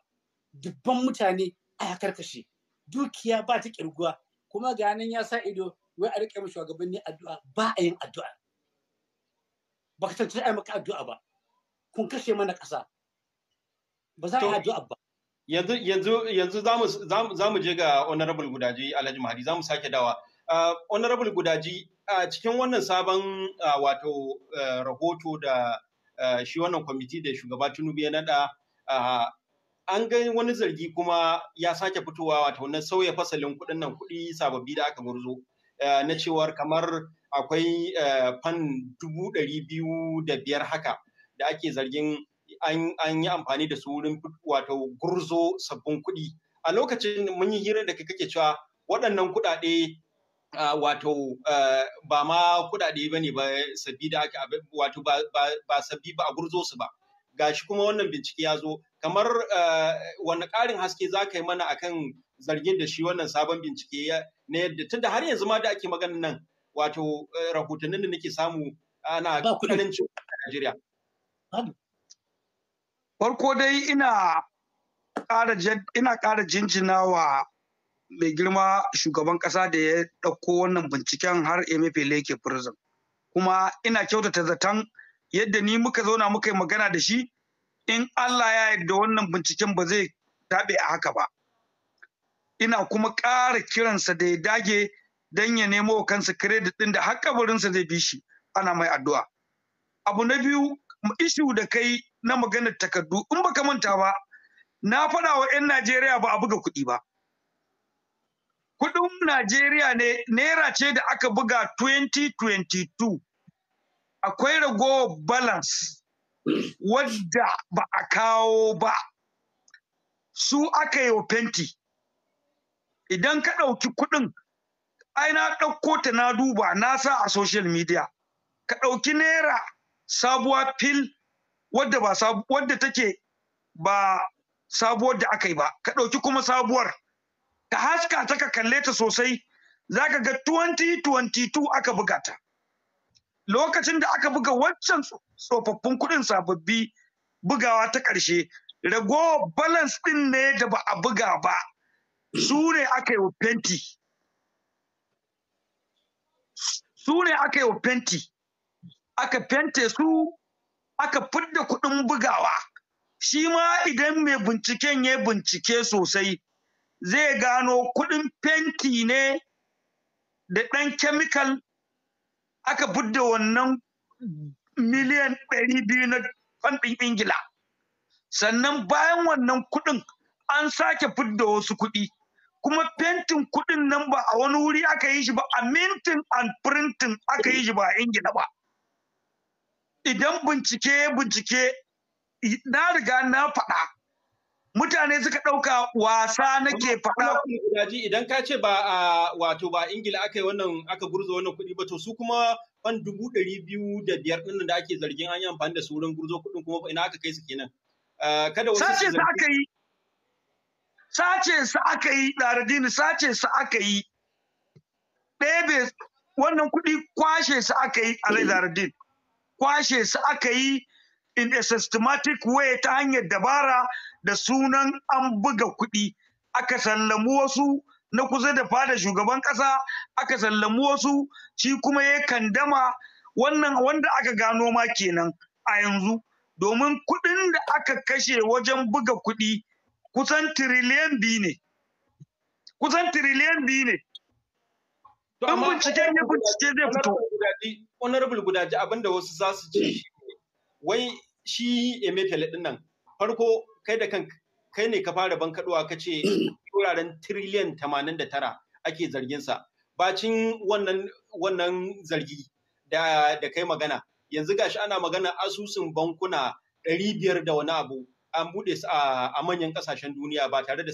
dubban mutane a ya karkashe dukiya ba ta kirguwa kuma ga nan ya sa ido wai a riƙe shugabanni addu'a ba a yin addu'a baka tantance ai maka addu'a ba kun kashe mana ƙasa ba za a yi addu'a ba yanzu yanzu yanzu zamu zamu je ga honorable gudaji Alhaji Mahdi zamu sake dawa ah, honorable gudaji a ah, cikin wannan sabon ah, wato eh, rahoto da eh, shi wannan kwamiti da shugaba Tinubu ya nada an ga wani zargi kuma ya sake fitowa wato na sauya fasalin kuɗin nan kuɗi sababbi da aka gurzo Eh, na cewar kamar akwai eh, fan dubu ɗari biyu da biyar haka da ake zargin an yi amfani da su wurin wato gurzo sabbin kuɗi a lokacin mun yi hira da kake cewa waɗannan kuɗaɗe wato eh, ba ma kuɗaɗe ba ne ba sabbi da aka wato ba sabbi ba a gurzo su ba gashi kuma wannan bincike ya zo kamar wani ƙarin haske za ka yi mana akan zargin da shi wannan sabon bincike na yadda tunda har yanzu ma da ake maganin nan wato eh, rahotannin da nake samu ana kudanin ciwon Najeriya. Farko dai ina ina ƙara jinjina wa mai girma shugaban ƙasa da ya ɗauko wannan binciken har emefele ke prison kuma ina kyautata zaton yadda ni muka zauna muka yi magana da shi in allah ya yarda wannan binciken ba zai taɓe a haka ba ina kuma ƙara kiransa da ya dage don ya nemo kansa kiredit ɗin da har kabarinsa zai bi shi ana mai addu'a. Abu na biyu ishu da kai na maganar takardu in baka manta ba na faɗa wa 'yan Najeriya ba a buga kuɗi ba. Kuɗin Najeriya ne naira ce da aka buga 2022 akwai ragowar balance wadda ba a kawo ba su aka yi wa fenti. idan ka ɗauki kuɗin ai na ɗauko ta na duba na sa a social media ka ɗauki naira sabuwa fil wadda ba wadda take ba sabuwar da aka yi ba ka ɗauki kuma sabuwar ka haska ta ka kalle ta sosai za ka ga 2022 aka buga ta lokacin da aka buga waccan tsofaffin kuɗin sababbi bugawa ta ƙarshe ragowar balance ɗin ne da ba a buga ba su ne aka yi wa fenti su ne aka yi wa fenti aka fente su aka fidda kuɗin bugawa shi ma idan mai binciken ya bincike sosai zai gano kuɗin fenti ne da ɗan kemikal aka fidda wannan miliyan 200 na fanɗin ingila sannan bayan wannan kuɗin an sake fidda wasu kuɗi kuma fentin kuɗin nan ba a wani wuri aka yi shi ba a mintin and printing aka yi shi ba a ingila ba idan bincike bincike na riga na faɗa mutane suka ɗauka wasa nake faɗa. idan ka ce ba a wato ba Ingila aka yi wannan aka gurzo wannan kuɗi ba to su kuma ban dubu ɗari biyu da biyar ɗin da ake zargin an yi amfani da su wurin gurzo kuɗin kuma ina aka kai su kenan. Eh, kada wasu sace su aka yi sace su aka yi ɗaradini sace su aka yi ɗebe wannan kuɗi kwashe su aka yi alai ɗaradin kwashe su aka yi in a systematic way ta hanyar dabara da sunan an buga kuɗi aka sallamu wasu na kusa da fada shugaban ƙasa aka sallamu wasu shi kuma ya kandama wannan wanda aka gano ma kenan a yanzu domin kuɗin da aka kashe wajen buga kuɗi kusan tiriliyan biyu ne. Kusan tiriliyan biyu ne. Don binciken ya bincike zai fito. Honorable gudaji abinda wasu za su ce wai shi emefele din nan farko kai da kanka kai ne ka fara bankaɗowa ka ce wuraren tiriliyan tamanin da tara ake zarginsa bacin wannan wannan zargi da kai magana yanzu gashi ana magana asusun bankuna ɗari biyar da wani abu an buɗe su a manyan kasashen duniya ba tare da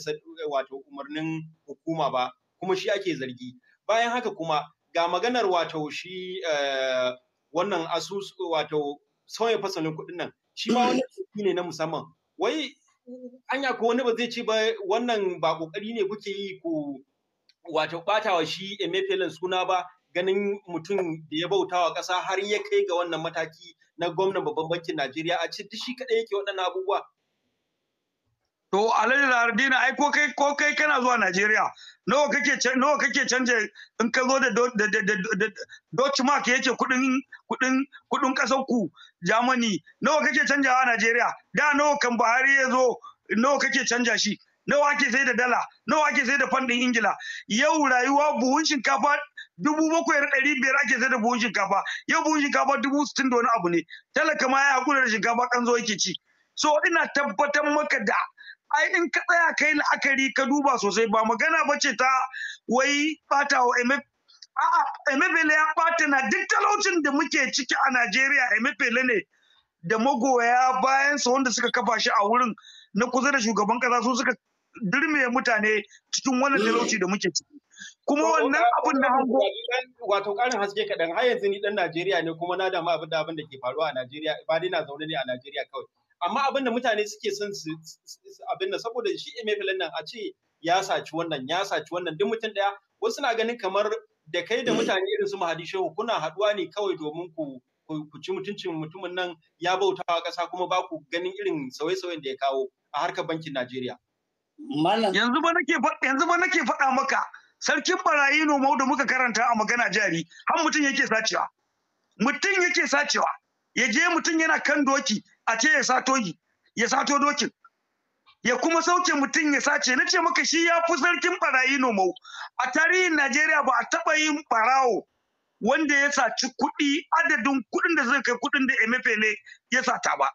wato umarnin hukuma ba kuma shi ake zargi bayan haka kuma ga maganar wato shi eh, wannan asusu wato sauya fasalin kuɗin nan shi ma wani ne na musamman wai anya ko wani ba zai ce ba wannan ba kokari ne kuke yi ku wato wa shi emefelin suna ba ganin mutum da ya bautawa ƙasa har ya kai ga wannan mataki na gwamnan babban bankin Najeriya a ce shi kaɗai yake waɗannan abubuwa to alhaji lardina ai ko kai ko kai kana zuwa najeriya nawa kake nawa kake canje in ka zo da mark yake kudin kudin kudin kasar ku germany nawa kake canja a najeriya da nawa kan bahari ya zo nawa kake canja shi nawa ake sai da dala nawa ake sai da fandin ingila yau rayuwa buhun shinkafa dubu bakwai da ɗari biyar ake sai da buhun shinkafa yau buhun shinkafa dubu sittin da wani abu ne talaka ma ya haƙura da shinkafa kan zo yake ci so ina tabbatar maka da ai in ka tsaya kai la'akari ka duba sosai ba magana ba ce ta wai bata wa MF a'a MFL ya bata na duk talaucin da muke ciki a Najeriya MF ne da magoya bayan sa wanda suka kafa shi a wurin na kusa da shugaban kasa su suka dirme mutane cikin wannan talauci da muke ciki kuma wannan abin da hango wato karin haske kaɗan har yanzu ni dan Najeriya ne kuma na damu abin da abin da ke faruwa a Najeriya ba dai na zaune ne a Najeriya kawai amma abin da mutane suke son su abin da saboda shi emefilan nan a ce ya saci wannan ya saci wannan duk mutum daya wasu na ganin kamar da kai da mutane irin su mahadi shehu kuna haduwa ne kawai domin ku ku ci mutuncin mutumin nan ya bautawa ƙasa kuma ba ku ganin irin sauye-sauyen da ya kawo a harkar bankin Najeriya. Yanzu ba nake yanzu ba nake faɗa maka sarkin barayi nomau da muka karanta a magana jari har mutum yake sacewa. Mutum yake sacewa. Ya je mutum yana kan doki a ce ya sato yi ya sato dokin ya kuma sauke mutum ya sace na ce maka shi ya fi sarkin barayi nomau a tarihin najeriya ba a taba yin barawo wanda ya saci kuɗi adadin kuɗin da zai kai kuɗin da ne ya sata ba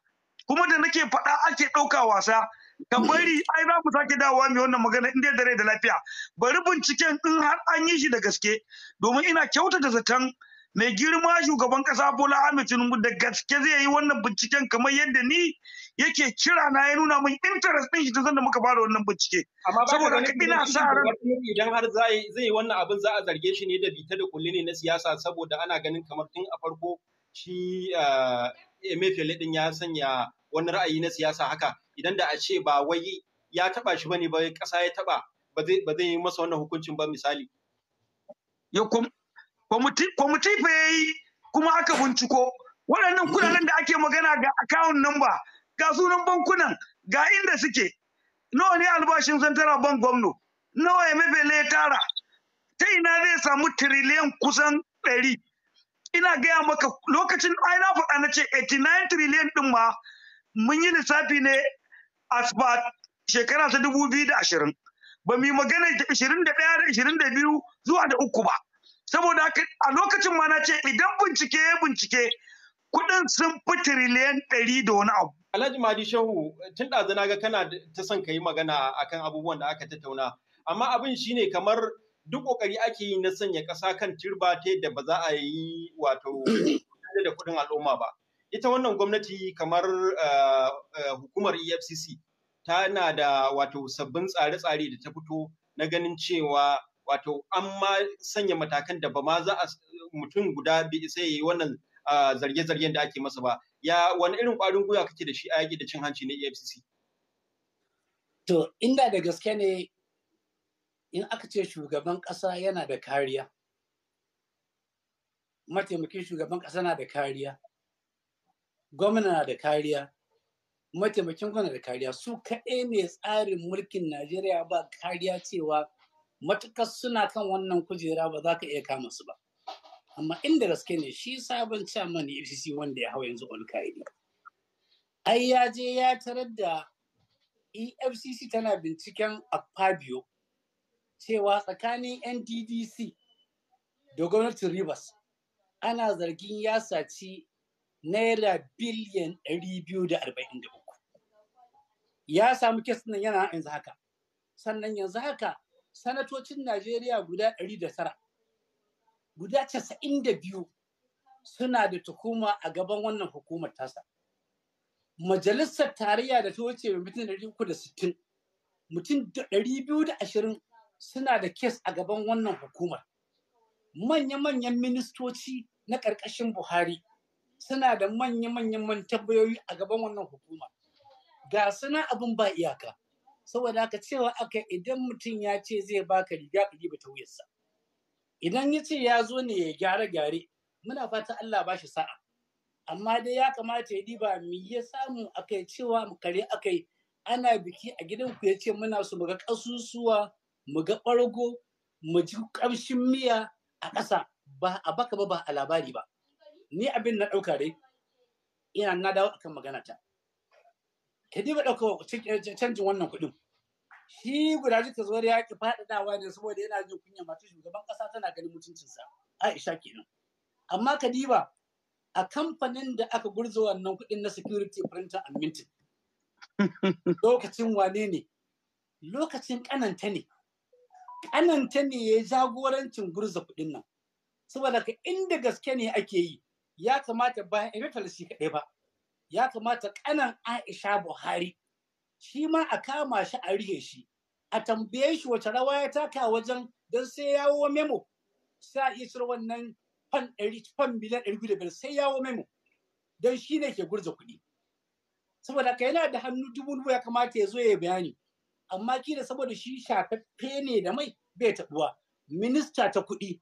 kuma da nake faɗa ake ɗauka wasa ka bari ai za mu sake dawowa mai wannan magana inda da da lafiya bari binciken in har an yi shi da gaske domin ina kyautata zaton mai girma shugaban kasa Bola Ahmed Tinubu da gaske zai yi wannan binciken kamar yadda ni yake kira na ya nuna min interest din shi ta da muka fara wannan bincike. Saboda ka ina sa ran idan har zai yi wannan abin za a zarge shi ne da bita da kulli ne na siyasa saboda ana ganin kamar tun a farko shi eh, Emefiele din ya sanya wani ra'ayi na siyasa haka idan da a ce ba wai ya taba shi bane ba kasa ya taba ba zai yi masa wannan hukuncin ba misali. Ya kuma. kwamiti fa ya yi kuma aka binciko waɗannan kudaden da ake magana ga account number ga sunan bankunan ga inda suke nawa ne albashin santara ban gwamno nawa ya mabele ya tara ta ina zai samu tiriliyan kusan ɗari ina gaya maka lokacin ai na faɗa na ce 89 tiriliyan ɗin ma mun yi lissafi ne a shekara ta 2020 ba mu yi magana 21 da 22 zuwa da uku ba saboda haka a lokacin ma na ce idan bincike ya bincike kuɗin sun fi tiriliyan ɗari da wani abu. Alhaji Madi Shehu tun da na ga kana ta son ka yi magana akan abubuwan da aka tattauna amma abin shine kamar duk ƙoƙari ake yi na sanya ƙasa kan turba ta yadda ba za a yi wato da kuɗin al'umma ba. Ita wannan gwamnati kamar eh, eh, hukumar EFCC tana da wato sabbin tsare-tsare da ta fito na ganin cewa wato an ma sanya matakan da ba ma za a mutum guda bai sai yi wannan zarge-zargen da ake masa ba ya wani irin ƙwarin gwiwa kake da shi a yaƙi da cin hanci na EFCC to inda da gaske ne in aka ce shugaban ƙasa yana da kariya mataimakin shugaban ƙasa na da kariya gwamna na da kariya mataimakin gwamna da kariya su kaɗai ne tsarin mulkin najeriya ba kariya cewa matukar suna kan wannan kujera ba za ka iya kama su ba amma inda gaske ne shi sabon chairman EFCC wanda ya hau yanzu alkaidi ai ya je ya tarar da EFCC tana binciken Akpabio cewa tsakanin NDDC da gwamnatin Rivers ana zargin ya saci naira biliyan 243 ya samu kes nan yana yanzu haka sannan yanzu haka sanatocin Najeriya guda 109 guda 92 suna da tuhuma a gaban wannan hukumar tasa. Majalisar tarayya da ta wuce mutum 360 mutum 220 suna da kes a gaban wannan hukumar. Manya-manyan ministoci na ƙarƙashin Buhari suna da manya-manyan tambayoyi a gaban wannan hukuma. Ga suna abin ba iyaka. saboda haka cewa aka idan mutum ya ce zai baka riga ka ba ta wuyarsa idan ya ce ya zo ne ya gyara gyare muna fata Allah ba shi sa'a amma dai ya kamata ya diba me ya samu akai cewa kare akai ana biki a gidan ku ya ce muna so mu ga kasusuwa mu ga ɓargo mu ji ƙamshin miya a ƙasa ba a baka ba ba a labari ba ni abin na ɗauka dai ina na dawo akan magana ta ka diba ɗauka canjin wannan kuɗin shi guda jika zuwar ya ki faɗaɗawa ne saboda yana jin kunya masu shugaban ƙasa tana ganin mutuncinsa aisha kenan amma ka diba a kamfanin da aka gurza wannan kuɗin na security printer and minting lokacin wane ne lokacin kananta ne kananta ne ya jagorancin gurza kuɗin nan saboda ka inda gaske ne ake yi ya kamata bayan emetal shi kaɗai ba ya kamata kanan Aisha Buhari shi ma a kama shi a rihe shi a tambaye shi wace rawa ya taka wajen don sai ya yawo memo sai a iya cire wannan fan ɗari fan miliyan ɗari biyu da biyar sai yawo memo don shi ne ke gurza kuɗi saboda aka yana da hannu dubu dubu ya kamata ya zo ya bayani amma kila saboda shi shafaffe ne da mai bai taɓuwa minista ta kuɗi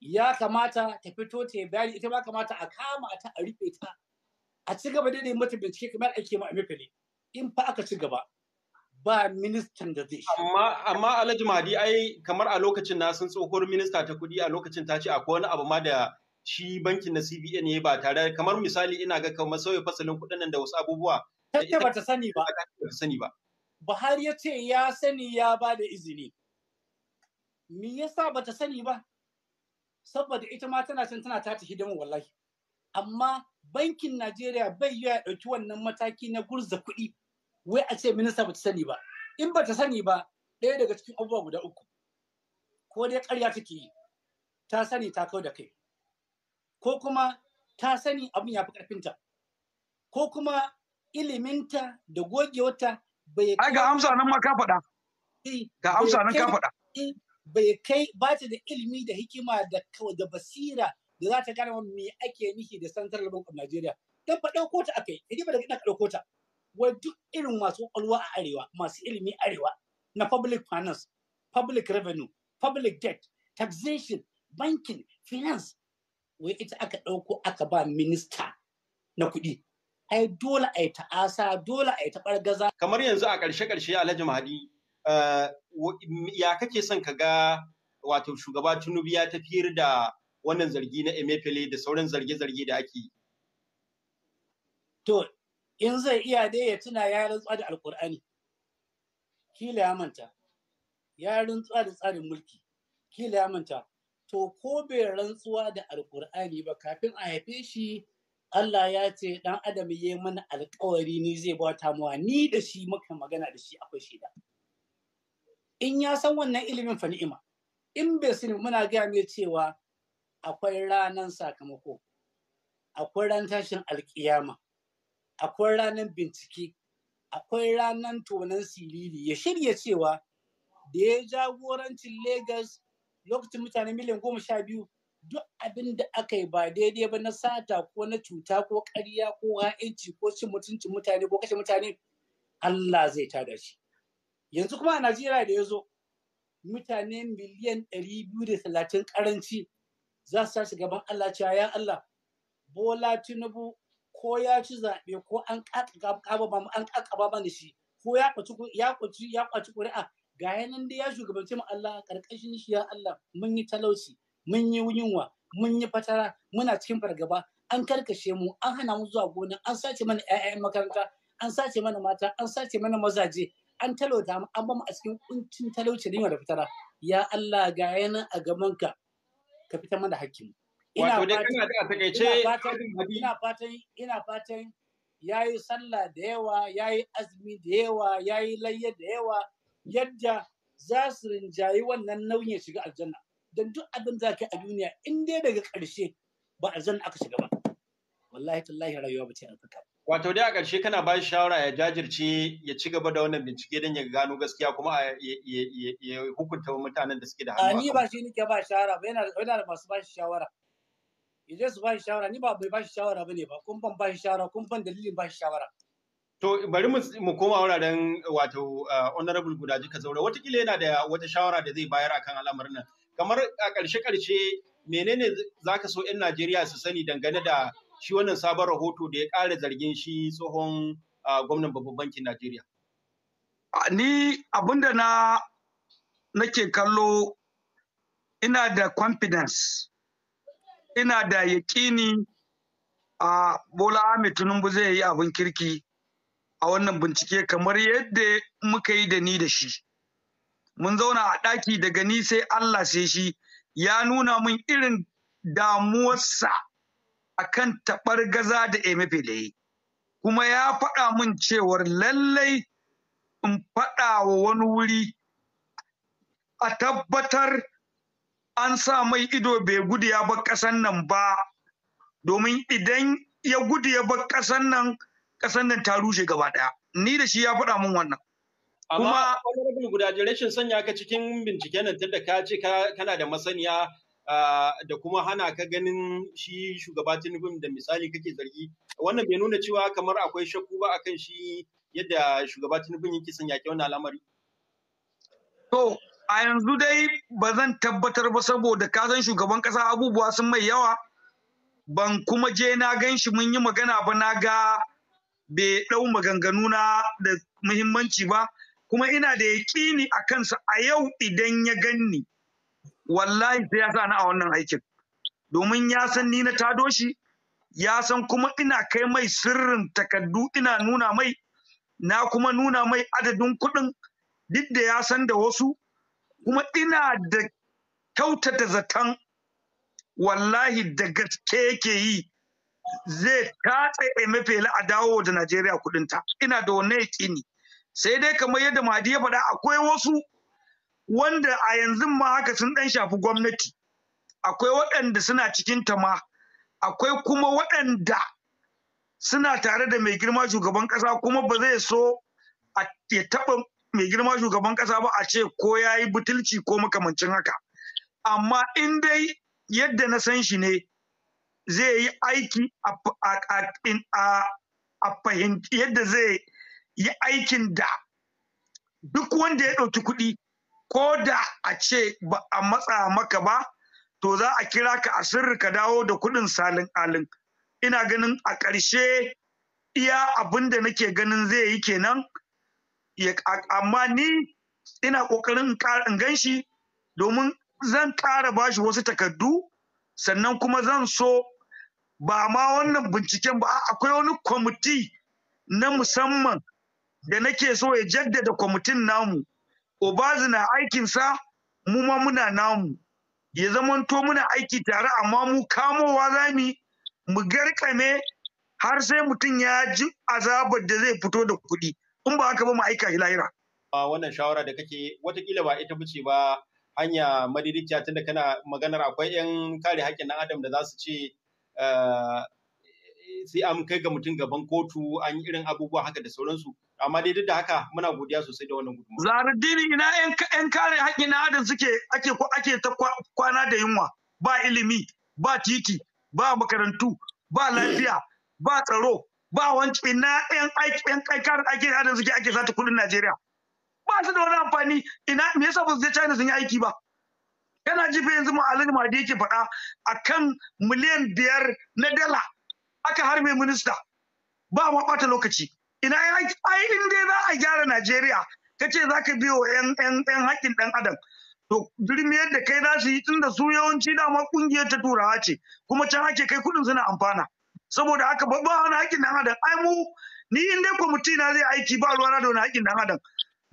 ya kamata ta fito ta bayani ita ma kamata a kama ta a rufe ta a ci gaba da mata bincike kamar ake ma ne. in fa aka ci gaba ba ministan da zai amma amma Alhaji madi ai kamar a lokacin na sun tsohuwar minista ta Kudi a lokacin ta ce akwai wani abu ma da shi bankin na CBN ne ba tare kamar misali ina ga kamar sauye fasalin kuɗin nan da wasu abubuwa ta ba ta sani ba sani ba Buhari ya ce ya sani ya ba da izini me yasa ba ta sani ba saboda ita ma tana can tana ta hidimin wallahi amma bankin Najeriya bai yi ya ɗauki wannan mataki na gurza kuɗi wai a ce minista ba ta sani ba in ba ta sani ba ɗaya daga cikin abubuwa guda uku ko dai ƙarya take yi ta sani ta kau da kai ko kuma ta sani abin ya fi ƙarfinta ko kuma iliminta da gogewarta bai kai ga amsa nan ma ka faɗa eh, ga amsa nan ka faɗa eh, bai kai ba ta da ilimi da hikima da da basira da za ta gane wa me ake nufi da Central Bank of Nigeria. Dan fa ɗauko ta akai, idan ba ɗauko ta. Wai duk irin masu kwalwa a arewa, masu ilimi arewa na public finance, public revenue, public debt, taxation, banking, finance. Wai ita aka ɗauko aka ba minista na kuɗi. Ai dole a yi ta'asa, dole a yi ta ɓargaza. Kamar yanzu a ƙarshe-ƙarshe Alhaji Mahadi, eh, ya kake son ka ga wato shugaba Tinubu ya tafiyar da wannan zargi na emefele da sauran zarge-zarge da ake yi. To, in zai iya dai ya tuna ya rantsuwa da Alƙur'ani, kila ya manta, ya rantsuwa da tsarin mulki, kila ya manta. To, ko bai rantsuwa da Alƙur'ani ba kafin a haife shi Allah ya ce ɗan adam ya mana alkawari ni zai bauta muwa ni da shi muka magana da shi akwai shida. In ya san wannan ilimin fa ni'ima, in bai sani muna gaya mai cewa akwai ranar sakamako akwai ran tashin alkiyama akwai ranar bincike akwai ranar tonan siriri ya shirya cewa da ya jagorancin Legas lokacin mutane miliyan goma sha biyu duk abin da aka yi ba daidai ba na sata ko na cuta ko ƙarya ko ha'inci ko cin mutuncin mutane ko kashe mutane Allah zai tada shi yanzu kuma a Najeriya da ya zo mutane miliyan ɗari biyu da talatin ƙaranci za su tashi gaban Allah cewa ya Allah Bola Tinubu ko ya ci zaɓe ko an ƙaƙaba mana shi ko ya kwaci ƙuri'a ga yanan da ya shugabanci mu Allah ƙarƙashin shi ya Allah mun yi talauci mun yi yunwa mun yi fatara muna cikin fargaba an karkashe mu an hana mu zuwa gona an sace mana 'ya'yan makaranta an sace mana mata an sace mana mazaje an talauta mu an mu a cikin kuncin talauci da da fatara ya Allah ga yanan a gaban ka ka fitar mana hakkin ina fatan ina fatan yayi sallah da yawa ya yi azumi da yawa ya yi layya da yawa yadda za su rinjayi wannan nauyin ya shiga aljanna don duk abin za ka a duniya in dai daga ƙarshe ba aljanna aka shiga ba wallahi tallahi rayuwa ba ce albarka Wato dai a ƙarshe kana ba shi shawara ya jajirce ya ci gaba da wannan bincike don ya gano gaskiya kuma ya hukunta mutanen da suke da hannu. Ni ba shi nike ba shawara ba yana da masu ba shi shawara. Ije su ba shi shawara ni ba bai ba shi shawara ba ne ba kun ban ba shi shawara kun ban dalilin ba shi shawara. To bari mu koma wuraren wato honorable gudaji ka zaura watakila yana da wata shawara da zai bayar akan al'amarin nan. Kamar a ƙarshe ƙarshe menene zaka so 'yan Najeriya su sani dangane da shi wannan sabon rahoto da ya ƙara zargin shi tsohon gwamnan babban bankin Najeriya? Ni abinda na nake kallo ina da confidence, ina da yaƙini a Bola Ahmed Tinubu zai yi abin kirki a wannan bincike kamar yadda muka yi da ni da shi. Mun zauna a ɗaki daga ni sai Allah sai shi ya nuna min irin damuwarsa akan taɓar gaza da emefele kuma ya faɗa min cewar lallai in faɗa wa wani wuri a tabbatar an sa mai ido bai gudu ya bar ƙasan nan ba domin idan ya gudu ya bar ƙasan nan ƙasan nan ta rushe gaba ɗaya ni da shi ya faɗa mun wannan kuma guda rashin sanya ka cikin binciken nan tunda ka ce kana da masaniya Ah, da kuma hana ka ganin shi shugaba Tinubu da misali kake zargi wannan bai nuna cewa kamar akwai shakku ba akan shi yadda shugaba Tinubu yake son yaƙi wannan al'amari. To a yanzu dai ba zan tabbatar ba saboda ka san shugaban ƙasa abubuwa sun mai yawa ban kuma je na gan shi mun yi magana ba na ga bai ɗau maganganu na da muhimmanci ba kuma ina da yaƙini a kansa a yau idan ya ganni wallahi sai ya sa ni a wannan aikin domin ya san ni na tado shi ya san kuma ina kai mai sirrin takaddu ina nuna mai na kuma nuna mai adadin kuɗin duk da ya san da wasu kuma ina da kyautata zaton wallahi da gaske yake yi zai tatse mafela a dawo da Najeriya kuɗinta ina da wannan yaƙini sai dai kamar yadda Mahadi ya faɗa akwai wasu wanda a yanzu ma haka sun ɗan shafi gwamnati akwai waɗanda suna cikin ta ma akwai kuma waɗanda suna tare da mai girma shugaban ƙasa kuma ba zai so ya taɓa mai girma shugaban ƙasa ba a ce ko ya yi butulci ko makamancin haka amma in dai yadda na san shi ne zai yi aiki a fahimci yadda zai yi aikin da duk wanda ya ɗauki kuɗi ko da a ce ba a matsa maka ba to za a kira ka a sirri ka dawo da kuɗin salin alin ina ganin a ƙarshe iya abin da nake ganin zai yi kenan amma ni ina ƙoƙarin in gan shi domin zan ƙara bashi wasu takardu sannan kuma zan so ba ma wannan binciken ba akwai wani kwamiti na musamman da nake so ya jaddada kwamitin namu Obazi na aikinsa mu ma muna namu ya zamanto muna aiki tare amma mu kamowa za mu garkame har sai mutum ya ji azabar da zai fito da kuɗi in ba haka ba mu aika shi lahira. wannan shawara da kake watakila ba ita bace ba hanya madidiciya tunda kana maganar akwai 'yan kare haƙƙin ɗan adam da za su ce eh, sai an kai ga mutum gaban kotu an yi irin abubuwa haka da sauransu amma dai duk da haka muna godiya sosai da wannan gudunmawa. Zaruddini ina yan kare haƙƙin adam suke ake ta kwana da yunwa ba ilimi ba titi ba makarantu ba lafiya ba tsaro ba wanci ina yan yan kare haƙƙin adam suke ake sata kuɗin Najeriya. Ba su da wani amfani ina me yasa ba su je China sun yi aiki ba. Yana jifa yanzu mu ma da yake faɗa a kan miliyan biyar na dala aka harbe minista ba ma ɓata lokaci ina ai in dai za a gyara Najeriya ka ce za ka biyo yan haƙƙin ɗan adam to birniyar da kai za su yi tunda su yawanci dama ƙungiyar ta turawa ce kuma can ake kai kuɗin suna amfana saboda haka ba wani haƙƙin ɗan adam ai mu ni in dai kwamiti na zai aiki ba ruwa na da wani haƙƙin ɗan adam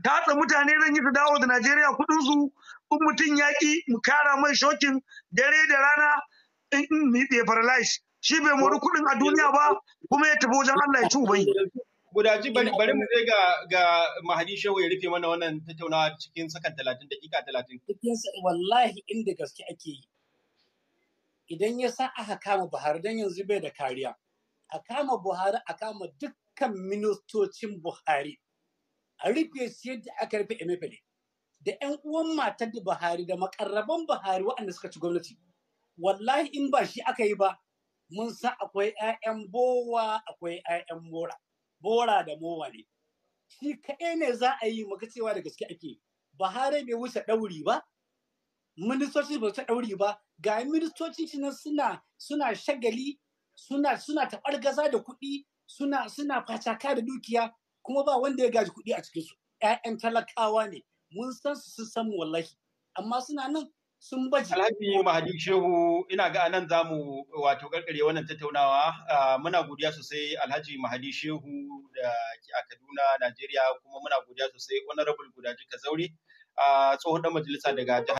tatsa mutane zan yi su dawo da Najeriya kuɗin su in mutum ya ƙi mu kara mai shokin dare da rana in mu yi paralyze shi bai mori kuɗin a duniya ba kuma ya tafi wajen Allah ya ci ubai. Gudaji bari mu je ga ga Mahadi Shehu ya rufe mana wannan tattaunawa cikin sakan talatin dakika talatin. Wallahi inda gaske ake yi. Idan ya sa aka kama Buhari dan yanzu bai da kariya. A kama Buhari a kama dukkan ministocin Buhari. A rufe shi yadda aka rufe Emefele. Da 'yan uwan matar da Buhari da makarraban Buhari waɗanda suka ci gwamnati. Wallahi in ba shi aka yi ba mun san akwai 'ya'yan bowa akwai 'ya'yan mora bora da mowa ne shi kaɗai ne za a yi maka cewa da gaske ake bahare bai wuce ɗauri ba ministoci ba wuce ɗauri ba ga ministoci nan suna suna shagali suna suna taɓar gaza da kuɗi suna suna facaka da dukiya kuma ba wanda ya gaji kuɗi a cikinsu. su ƴaƴan talakawa ne mun san su sun san wallahi amma suna nan sun baje. Alhaji Mahadi Shehu ina ga anan za mu wato karkare wannan tattaunawa muna godiya sosai Alhaji Mahadi Shehu da a Kaduna Najeriya kuma muna godiya sosai Honorable Gudaji Kazauri a tsohon dan majalisa daga